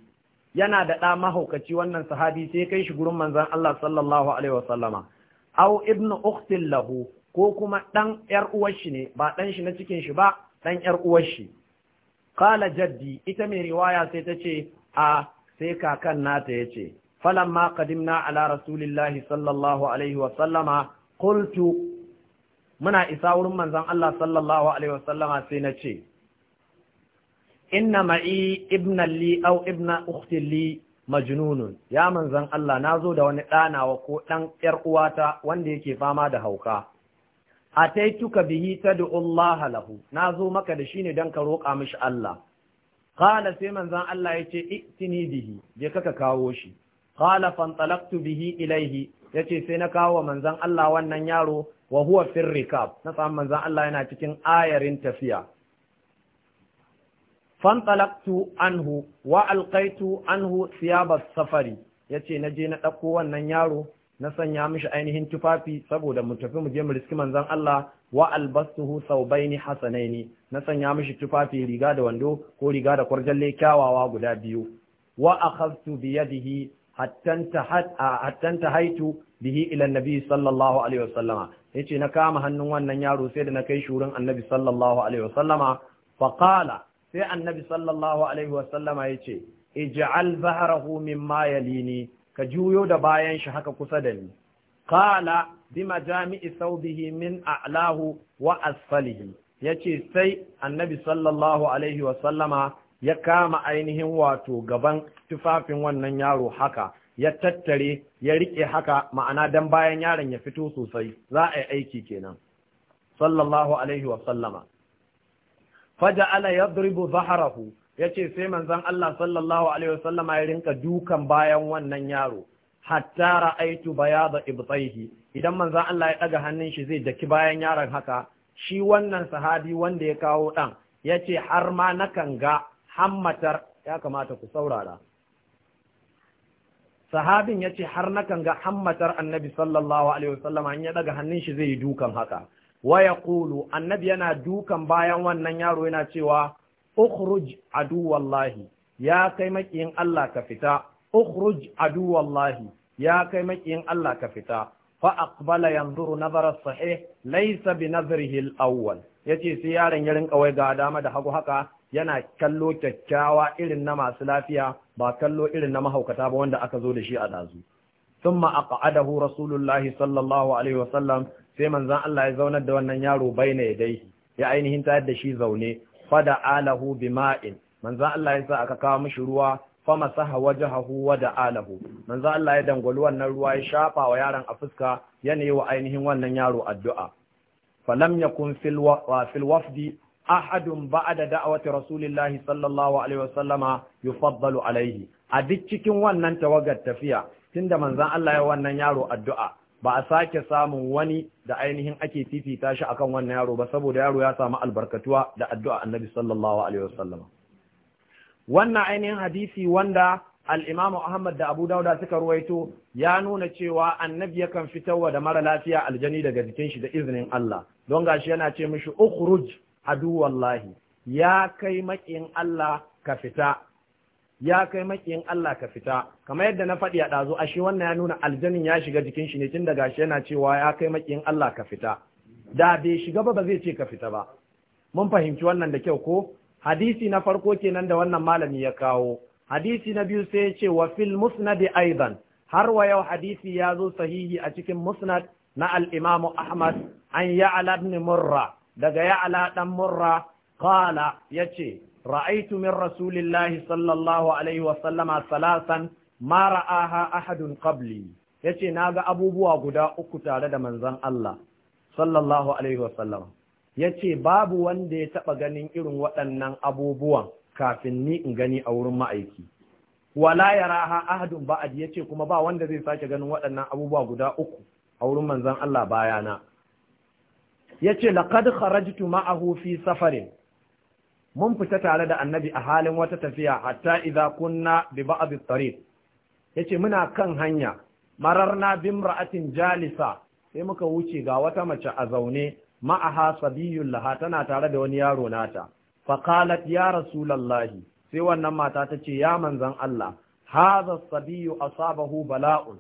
yana da ɗa mahaukaci wannan sahabi sai kai shi gurin manzan Allah sallallahu alaihi wasallama aw ibnu ukhtin lahu ko kuma ɗan ‘yar uwarshi ne, ba ɗan shi na cikin shi ba, ɗan ‘yar uwarshi. Kala jaddi, ita mai riwaya sai ta ce, a sai kakan nata ya ce falamma qadimna ala rasulillahi sallallahu alaihi wa sallama muna isa wurin manzon Allah sallallahu alaihi wa sallama sai na ce inna ma'i ibna li ibna ukhti li majnunun ya manzon Allah Na zo da wani ɗanawa ko ɗan ƴar uwata wanda yake fama da hauka ataituka bihi tad'u Allah lahu zo maka da shi ne dan ka roƙa mishi Allah qala sai manzan Allah yace itini bihi je kaka kawo shi qala fantalaktu bihi ilaihi yace sai na kawo manzan Allah wannan yaro wa huwa fir rikab na samu manzan Allah yana cikin ayarin tafiya fantalaktu anhu wa alqaitu anhu thiyaba safari yace na je na dauko wannan yaro na sanya mishi ainihin tufafi saboda mu tafi mu je mu riski manzan Allah wa albastuhu saubaini hasanayn na sanya mishi tufafi riga da wando ko riga da kwarjalle kyawawa guda biyu wa akhadtu bi yadihi hatta tahat bihi ila annabi sallallahu alaihi wasallama yace na kama hannun wannan yaro sai da na kai shurin annabi sallallahu alaihi wasallama fa qala sai annabi sallallahu alaihi wasallama yace ij'al bahrahu mimma yalini ka juyo da bayan shi haka kusa da ni qala bima jami'i saubihi min a'lahu wa asfalihi yace sai annabi sallallahu alaihi wa sallama ya kama ainihin wato gaban tufafin wannan yaro haka ya tattare ya rike haka ma'ana dan bayan yaron ya fito sosai za a yi aiki kenan sallallahu alaihi wa sallama faja'ala yadribu zahrahu yace sai manzon Allah sallallahu alaihi wa sallama ya rinka dukan bayan wannan yaro hatta ra'aitu bayada ibtaihi idan manzan Allah ya ɗaga hannun shi zai daki bayan yaron haka shi wannan sahabi wanda ya kawo ɗan ya ce har ma nakan ga hammatar ya kamata ku saurara sahabin ya ce har nakan ga hammatar annabi sallallahu alaihi wasallam an ya ɗaga hannun shi zai yi dukan haka waya kulu annabi yana dukan bayan wannan yaro yana cewa ukhruj adu wallahi ya kai makiyin Allah ka fita ukhruj adu wallahi ya kai makiyin Allah ka fita fa aqbala yanzuru nazara sahih laysa bi nazrihi al-awwal sai yaron ya rinka wai ga dama da hagu haka yana kallo kyakkyawa irin na masu lafiya ba kallo irin na mahaukata ba wanda aka zo da shi a dazu thumma aqadahu rasulullahi sallallahu alaihi wasallam sai manzon Allah ya zaunar da wannan yaro baina yadai ya ainihin tayar da shi zaune fada alahu bima'in manzon Allah ya sa aka kawo mishi ruwa fama saha wajahahu wa da'alahu manzo Allah ya dangwali wannan ruwa ya shafa wa yaron a fuska ya ne wa ainihin wannan yaro addu'a falam yakun fil fil wafdi ahadun ba'da da'wati rasulillahi sallallahu alaihi wasallama yufaddalu alaihi a duk cikin wannan tawagar tafiya tunda manzon Allah ya wannan yaro addu'a ba a sake samun wani da ainihin ake fifita shi akan wannan yaro ba saboda yaro ya samu albarkatuwa da addu'a annabi sallallahu alaihi wasallama wannan ainihin hadisi wanda al-Imam Ahmad da Abu Dawud suka ruwaito ya nuna cewa annabi yakan fitarwa da mara lafiya aljani daga jikin shi da izinin Allah don gashi yana ce mishi ukhruj adu wallahi ya kai makin Allah ka fita ya kai maƙin Allah ka fita kamar yadda na faɗi a ɗazu ashe wannan ya nuna aljanin ya shiga jikin shi ne tun daga shi yana cewa ya kai makiyin Allah ka fita da bai shiga ba ba zai ce ka fita ba mun fahimci wannan da kyau ko hadisi na farko kenan da wannan malami ya kawo hadisi na biyu sai ya ce wa fil musnad aidan har wa yau hadisi ya zo sahihi a cikin musnad na al-imam Ahmad an ya'la ibn Murra daga ya'ala dan Murra qala yace ra'aytu min rasulillahi sallallahu alaihi wa sallama salasan ma ra'aha ahadun qabli yace naga abubuwa guda uku tare da manzon Allah sallallahu alaihi wa sallama ya ce babu wanda ya taɓa ganin irin waɗannan abubuwan kafin ni in gani a wurin ma'aiki wala ya raha ahadun ba'ad ya ce kuma ba wanda zai sake ganin waɗannan abubuwa guda uku a wurin manzan Allah bayana ya ce laqad kharajtu ma'ahu fi safarin mun fita tare da annabi a halin wata tafiya hatta idza kunna bi ba'd at-tariq yace muna kan hanya mararna bimra'atin jalisa sai muka wuce ga wata mace a zaune ma'aha sabiyun laha tana tare da wani yaro nata faqalat ya rasulullahi sai wannan mata ta ce ya manzon Allah hadha sabiyu asabahu bala'un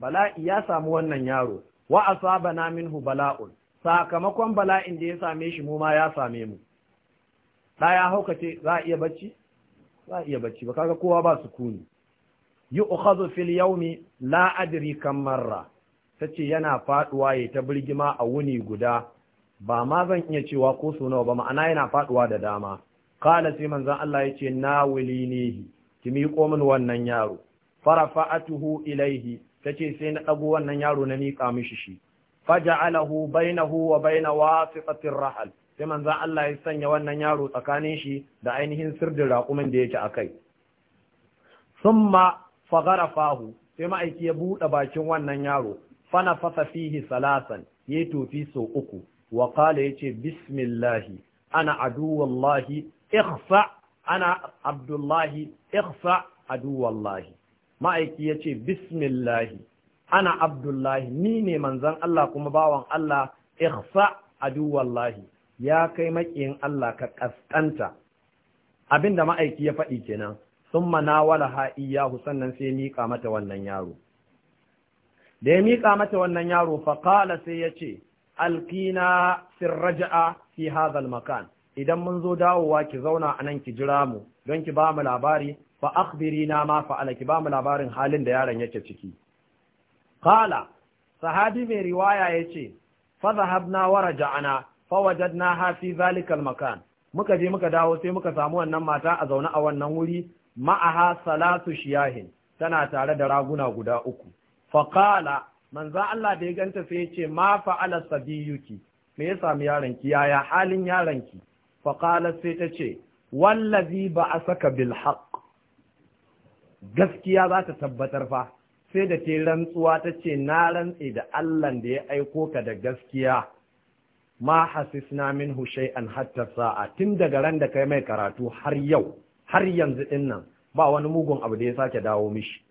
bala'i ya samu wannan yaro wa asabana minhu bala'un sakamakon bala'in da ya same shi mu ma ya same mu da ya haukace za a iya bacci za a iya bacci ba kaga kowa ba sukuni yu'khadhu fil yawmi la adri kam marra ta ce yana faɗuwa ya ta birgima a wuni guda ba ma zan iya cewa ko su nawa ba ma'ana yana faɗuwa da dama kala sai manzon Allah ya ce na wulinihi ki miƙo min wannan yaro farafa'atuhu ilaihi ta ce sai na ɗago wannan yaro na miƙa mishi shi faja'alahu bainahu wa baina wasiqatir rahal sai manzon Allah ya sanya wannan yaro tsakanin shi da ainihin sirdin raƙumin da yake akai summa fagarafahu sai ma'aiki ya buɗe bakin wannan yaro fana fasa fihi salasan ya tofi sau uku wa kala ya ce bismillahi ana aduwallahi ikhfa ana abdullahi ikhfa aduwallahi ma'aiki ya ce bismillahi ana abdullahi ni ne manzan Allah kuma bawan Allah ikhfa aduwallahi ya kai maƙiyin Allah ka kaskanta abinda ma'aiki ya faɗi kenan sun manawala ha'iyahu sannan sai miƙa mata wannan yaro da ya miƙa mata wannan yaro faƙala sai ya ce alƙina sirraja'a fi hazal makan idan mun zo dawowa ki zauna a nan ki jira mu don ki ba mu labari fa akhbiri na ma fa'ala ki ba mu labarin halin da yaron yake ciki qala sahabi mai riwaya yace fa zahabna wa raja'na fa wajadnaha fi zalikal makan muka je muka dawo sai muka samu wannan mata a zaune a wannan wuri ma'aha salatu shiyahin tana tare da raguna guda uku faƙala manzan Allah da ya ganta sai ya ce ma fa'ala sabiyuki me ya sami yaronki yaya halin yaronki faƙala sai ta ce wallazi ba a saka bil gaskiya za ta tabbatar fa sai da ke rantsuwa ta ce na rantse da Allah da ya aiko ka da gaskiya ma hasisna min an hatta sa'a tun daga ran da kai mai karatu har yau har yanzu dinnan ba wani mugun abu da ya sake dawo mishi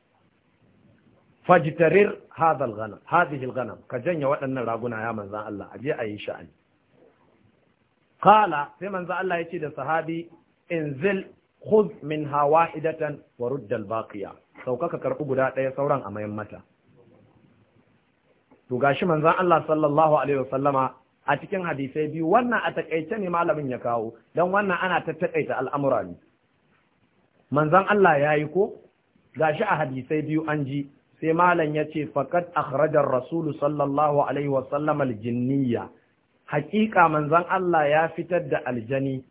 Fajitarir hadal ghanam ka janye waɗannan raguna ya manzan Allah a ayi sha'ani Ƙala, sai manzan Allah ya ce da sahabi inzil huz hawa hawa wa rudd baqiya saukaka karɓi guda ɗaya sauran a mayan mata to gashi manzan Allah sallallahu alaihi sallama a cikin hadisai biyu wannan a takaice ne malamin ya kawo don wannan ana ta takaita al'amura ne manzan Allah ya yi ko shi a hadisai biyu an ji sai malam ya ce faƙad akhrajar rasulu sallallahu alaihi wasallam aljinniya haƙiƙa manzan Allah ya fitar da aljani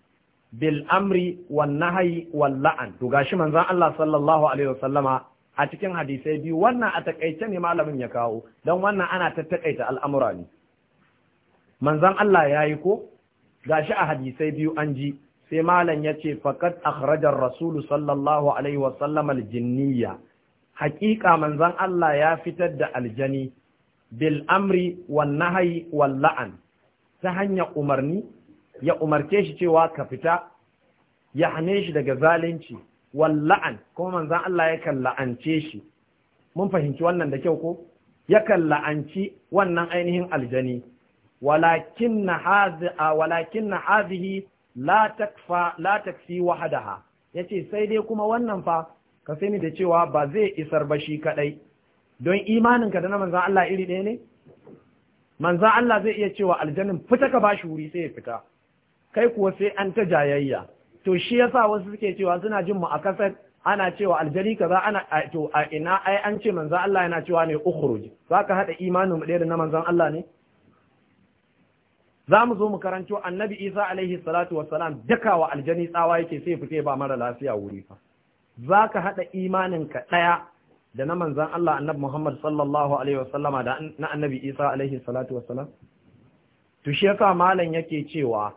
bil amri wan nahyi wal la'an to gashi manzan Allah sallallahu alaihi wasallama a cikin hadisai biyu wannan a takaice ne malamin ya kawo don wannan ana ta takaita al'amura ne manzan Allah ya yi ko gashi a hadisai biyu an ji sai malam ya ce faƙad akhrajar rasulu sallallahu alaihi wasallam aljinniya haƙiƙa manzon Allah ya fitar da aljani bil amri wan nahyi wal la'an ta hanya umarni ya umarce shi cewa ka fita ya hane shi daga zalunci wal la'an kuma manzon Allah yakan la'ance shi mun fahimci wannan da kyau ko yakan la'anci wannan ainihin aljani walakin hazihi walakin la takfa la takfi wahadaha yace sai dai kuma wannan fa ka ni da cewa ba zai isar ba shi kadai don imaninka da na manzan Allah iri ɗaya ne manzan Allah zai iya cewa aljanun fita ka bashi wuri sai ya fita kai kuwa sai an ta jayayya to shi yasa wasu suke cewa suna jin mu a kasar ana cewa aljani kaza ana to a ina ai an ce manzan Allah yana cewa ne ukhruj zaka hada imanin mu ɗaya da na manzan Allah ne za mu zo mu karanto annabi Isa alaihi salatu wassalam dakawa aljani tsawa yake sai fite ba mara lafiya wuri fa za ka haɗa imaninka ɗaya da na manzan Allah annabi Muhammad sallallahu alaihi wasallama da na annabi Isa alaihi salatu wasallam to shi malam yake cewa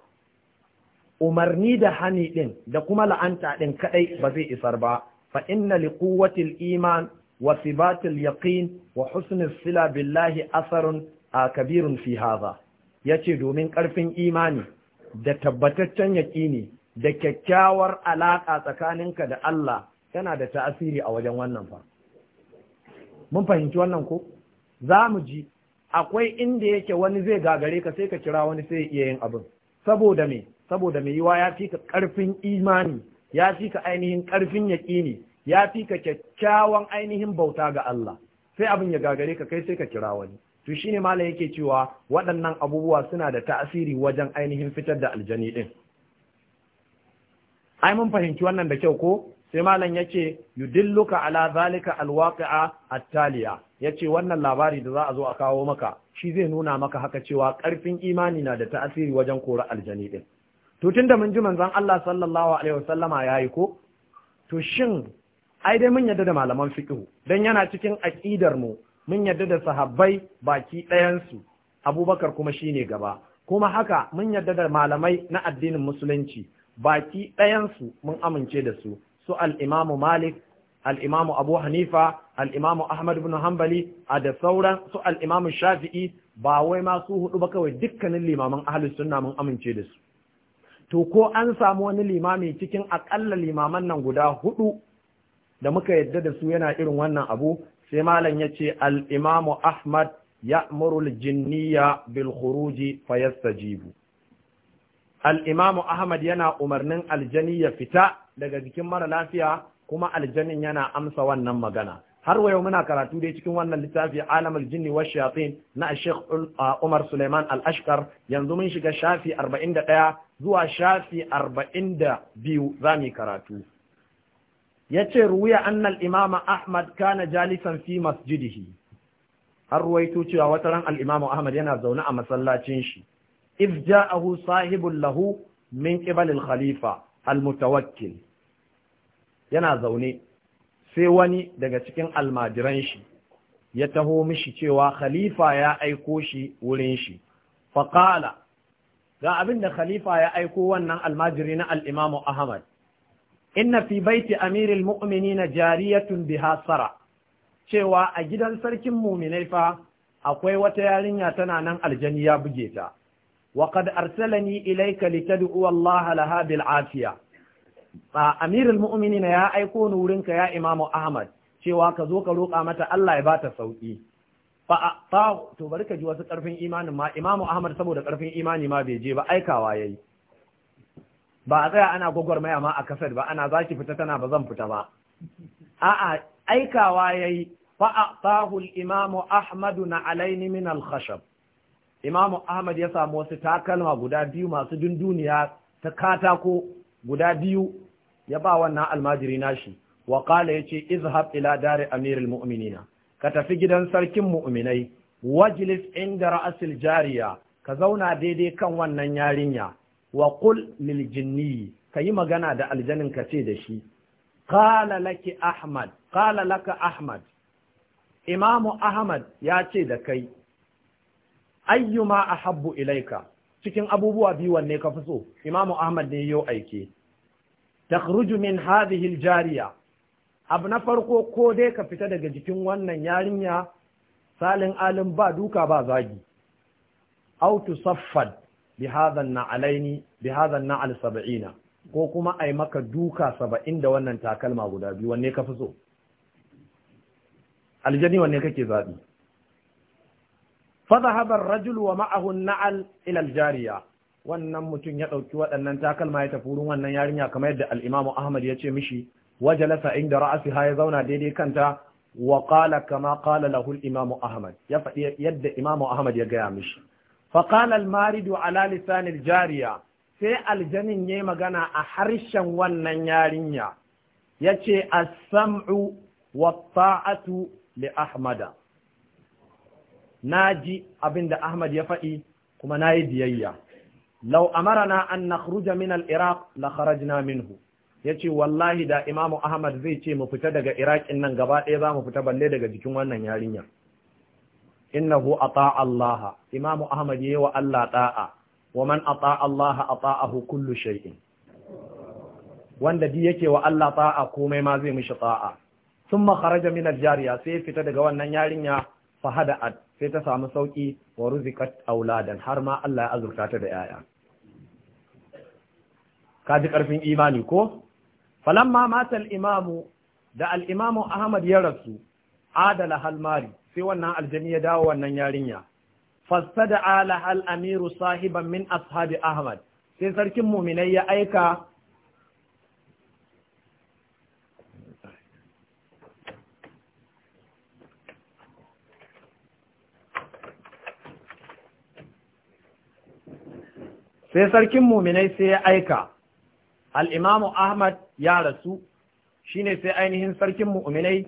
umarni da hani ɗin da kuma la'anta ɗin kaɗai ba zai isar ba fa inna liquwwatil iman wa sibatil yaqin wa husnil sila billahi asarun a kabirun fi ya yace domin ƙarfin imani da tabbataccen yaƙini da kyakkyawar alaƙa tsakaninka da Allah yana da tasiri a wajen wannan fa mun fahimci wannan ko za mu ji akwai inda yake wani zai gagare ka sai ka kira wani sai iya yin abin saboda me saboda me yiwa ya fi ka karfin imani ya fi ka ainihin karfin yaƙini ya fi ka kyakkyawan ainihin bauta ga Allah sai abin ya gagare ka kai sai ka kira wani to shine malam yake cewa waɗannan abubuwa suna da tasiri wajen ainihin fitar da aljani din ai mun fahimci wannan da kyau ko sai malam yace yudilluka ala zalika alwaqi'a attaliya ce wannan labari da za a zo a kawo maka shi zai nuna maka haka cewa karfin imani na da ta'asiri wajen kora aljani din to tunda mun ji manzon Allah sallallahu alaihi wasallama yayi ko to shin ai dai mun yadda da malaman fiqhu dan yana cikin aqidar mu mun yadda da sahabbai baki ɗayan su Abubakar kuma shine gaba kuma haka mun yadda da malamai na addinin musulunci baki ɗayan su mun amince da su su al'imamu Malik, al'imamu Abu Hanifa, al'imamu Ahmad ibn Hanbali, a da sauran su al'imamu Shafi'i ba wai ma su hudu ba kawai dukkanin limaman ahli sunna mun amince da su. To ko an samu wani limami cikin akalla limaman nan guda hudu da muka yadda da su yana irin wannan abu sai malam ya ce al'imamu Ahmad ya muru jinniya bil khuruji fayastajibu. al'imamu Ahmad yana umarnin aljani ya fita daga jikin mara lafiya kuma aljanin yana amsa wannan magana. Har wa yau muna karatu dai cikin wannan littafi alamul jinni wa shayatin na Sheikh Umar Suleiman Al-Ashkar yanzu mun shiga shafi 41 zuwa shafi 42 zamu karatu. Yace ruwiya annal imama Ahmad kana jalisan fi masjidihi. Har ruwaito cewa wataran al-imamu Ahmad yana zaune a masallacin shi. إذ جاءه صاحب له من قبل الخليفة المتوكل yana zaune sai wani daga cikin almajiran shi ya taho mishi cewa khalifa ya aiko shi wurin shi faƙala ga abin da khalifa ya aiko wannan almajiri na al'imamu ahmad inna fi baiti amiril mu'mini na jariyatun biha sara cewa a gidan sarkin muminai fa akwai wata yarinya tana nan aljani ya buge ta وقد أرسلني إليك لتدعو الله لها بالعافية أمير المؤمنين يا أيكون ورنك يا إمام أحمد cewa ka zo ka roƙa mata Allah ya ba ta sauƙi fa to bari ka ji wasu ƙarfin imanin ma Imam Ahmad saboda ƙarfin imani ma bai je ba aikawa a tsaya ana gwagwarmaya ma a kasar ba ana zaki fita tana ba zan fita ba a'a aikawa yayi fa atahu al-Imam Ahmad na alaini min al-khashab imamu ahmad ya samu wasu takalma guda biyu masu dunduniya ta katako guda biyu ya ba wannan almajiri nashi wa ya yace izhab ila dari amiril mu'minina ka tafi gidan sarkin mu'minai wajlis inda ra'asil jariya ka zauna daidai kan wannan yarinya wa qul lil jinni kayi magana da aljanin ka ce da shi qala laki ahmad qala laka ahmad imamu ahmad ya ce da kai ayyuma ahabbu ilaika cikin abubuwa biyu wanne ka fi so imamu ahmad ne yau aike takhruju min hadhihi aljariya abu na farko ko dai ka fita daga jikin wannan yarinya salin alim ba duka ba zagi aw Saffad bi hadha an bi hadha an 70 ko kuma ai maka duka 70 da wannan takalma guda biyu wanne ka fi aljani wanne kake zabi فذهب الرجل ومعه النعل إلى الجارية wannan mutum ya ɗauki waɗannan takalma ya tafi wurin wannan yarinya kamar yadda al'imamu Ahmad ya ce mishi waje lasa inda ra'asi ha ya zauna daidai kanta wa qala kama qala lahu al Ahmad ya faɗi yadda imamu Ahmad ya gaya mishi fa qala al-maridu ala lisan al-jariya sai aljanin ya magana a harshen wannan yarinya yace ce as-sam'u wa ta'atu li Ahmada na ji abin da Ahmad ya faɗi kuma na yi biyayya. Lau amarana an na khruja min al-Iraq la kharajna minhu. Ya ce wallahi da Imamu Ahmad zai ce mu fita daga Iraƙin nan gaba ɗaya za mu fita balle daga jikin wannan yarinya. Innahu ata Allah. Imamu Ahmad yayi wa Allah ɗa'a. Wa man ata Allah ata'ahu kullu shay'in. Wanda di yake wa Allah ta'a komai ma zai mishi ta'a. Sun makharaja min al-jariya sai fita daga wannan yarinya fahada'at sai ta samu sauƙi wa ruzikat auladan har ma Allah ya azurta ta da yaya ka ji karfin imani ko falamma mata al-imamu da al-imamu Ahmad ya rasu adala halmari sai wannan aljami ya dawo wannan yarinya fasada ala hal amiru sahiban min ashabi Ahmad sai sarkin mu'minai ya aika sai sarkin muminai sai ya aika al'imamu ahmad ya rasu Shi ne sai ainihin sarkin muminai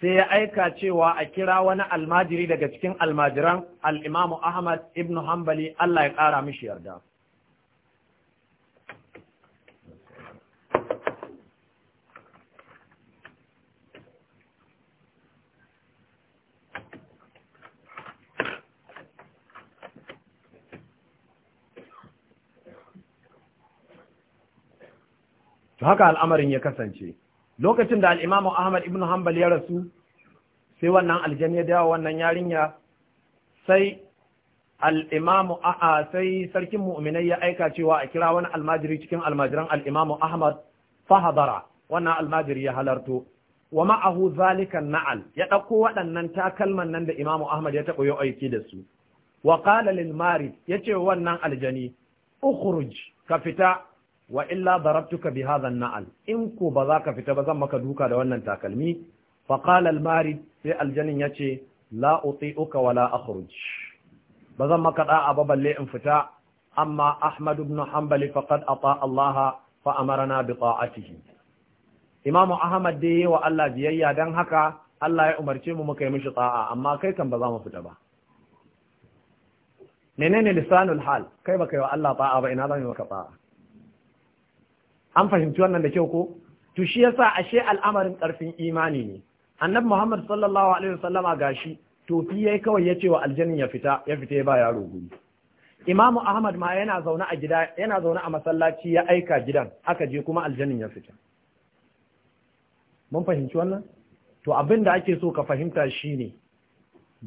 sai ya aika cewa a kira wani almajiri daga cikin almajiran al'imamu ahmad ibn hambali allah ya ƙara mishi yarda to haka al'amarin ya kasance lokacin da al'imamu ahmad ibn hanbal ya rasu sai wannan aljan ya dawo wannan yarinya sai al'imamu a'a sai sarkin mu'minai ya aika cewa a kira wani almajiri cikin almajiran al'imamu ahmad fahadara wannan almajiri ya halarto wa ma'ahu zalikan na'al ya ɗauko waɗannan takalman nan da imamu ahmad ya taɓa yau aiki da su wa qala lil marid yace wannan aljani ukhruj ka fita wa illa darabtuka bi hadha na'al in ko ba ka fita ba zan maka duka da wannan takalmi fa qala al marid sai aljanin yace la uti'uka wala akhruj ba zan maka da'a ba balle in fita amma ahmad ibn hanbal faqad ata Allah fa amarna bi ta'atihi imamu ahmad dai wa Allah biyayya dan haka Allah ya umarce mu muka yi mishi ta'a amma kai kan ba za mu fita ba menene lisanul hal kai baka yi wa Allah ta'a ba ina zan yi maka ta'a an fahimci wannan da kyau ko to shi yasa ashe al'amarin karfin imani ne annabi Muhammad sallallahu alaihi wasallama gashi fi yayi kawai yace wa aljannin ya fita ya fita ba yaro guri Imam'u Ahmad ma yana zaune a gida yana zaune a masallaci ya aika gidan aka je kuma aljannin ya fita mun fahimci wannan to abin da ake so ka fahimta shine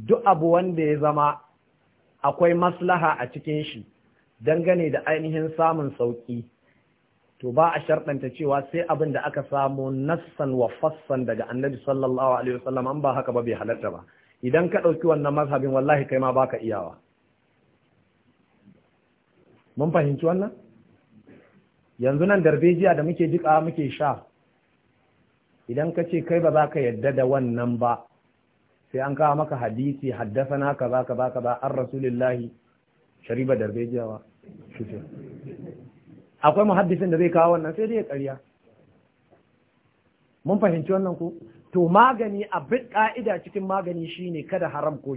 duk abu wanda ya zama akwai maslaha a cikin shi dangane da ainihin samun sauki to ba a sharɗanta cewa sai abin da aka samu nassan wa fassan daga annabi sallallahu alaihi wasallam an ba haka ba bai halarta ba idan ka ɗauki wannan mazhabin wallahi kai ma baka iyawa mun fahimci wannan yanzu nan darbejiya da muke jika muke sha idan ka ce kai ba za ka yadda da wannan ba sai an kawo maka hadisi ka kaza ka kaza an rasulillahi shariba darbejiyawa akwai muhaddisin da zai kawo wannan sai dai ya ƙarya mun fahimci wannan ku? to magani abin ka'ida cikin magani shine kada haram ko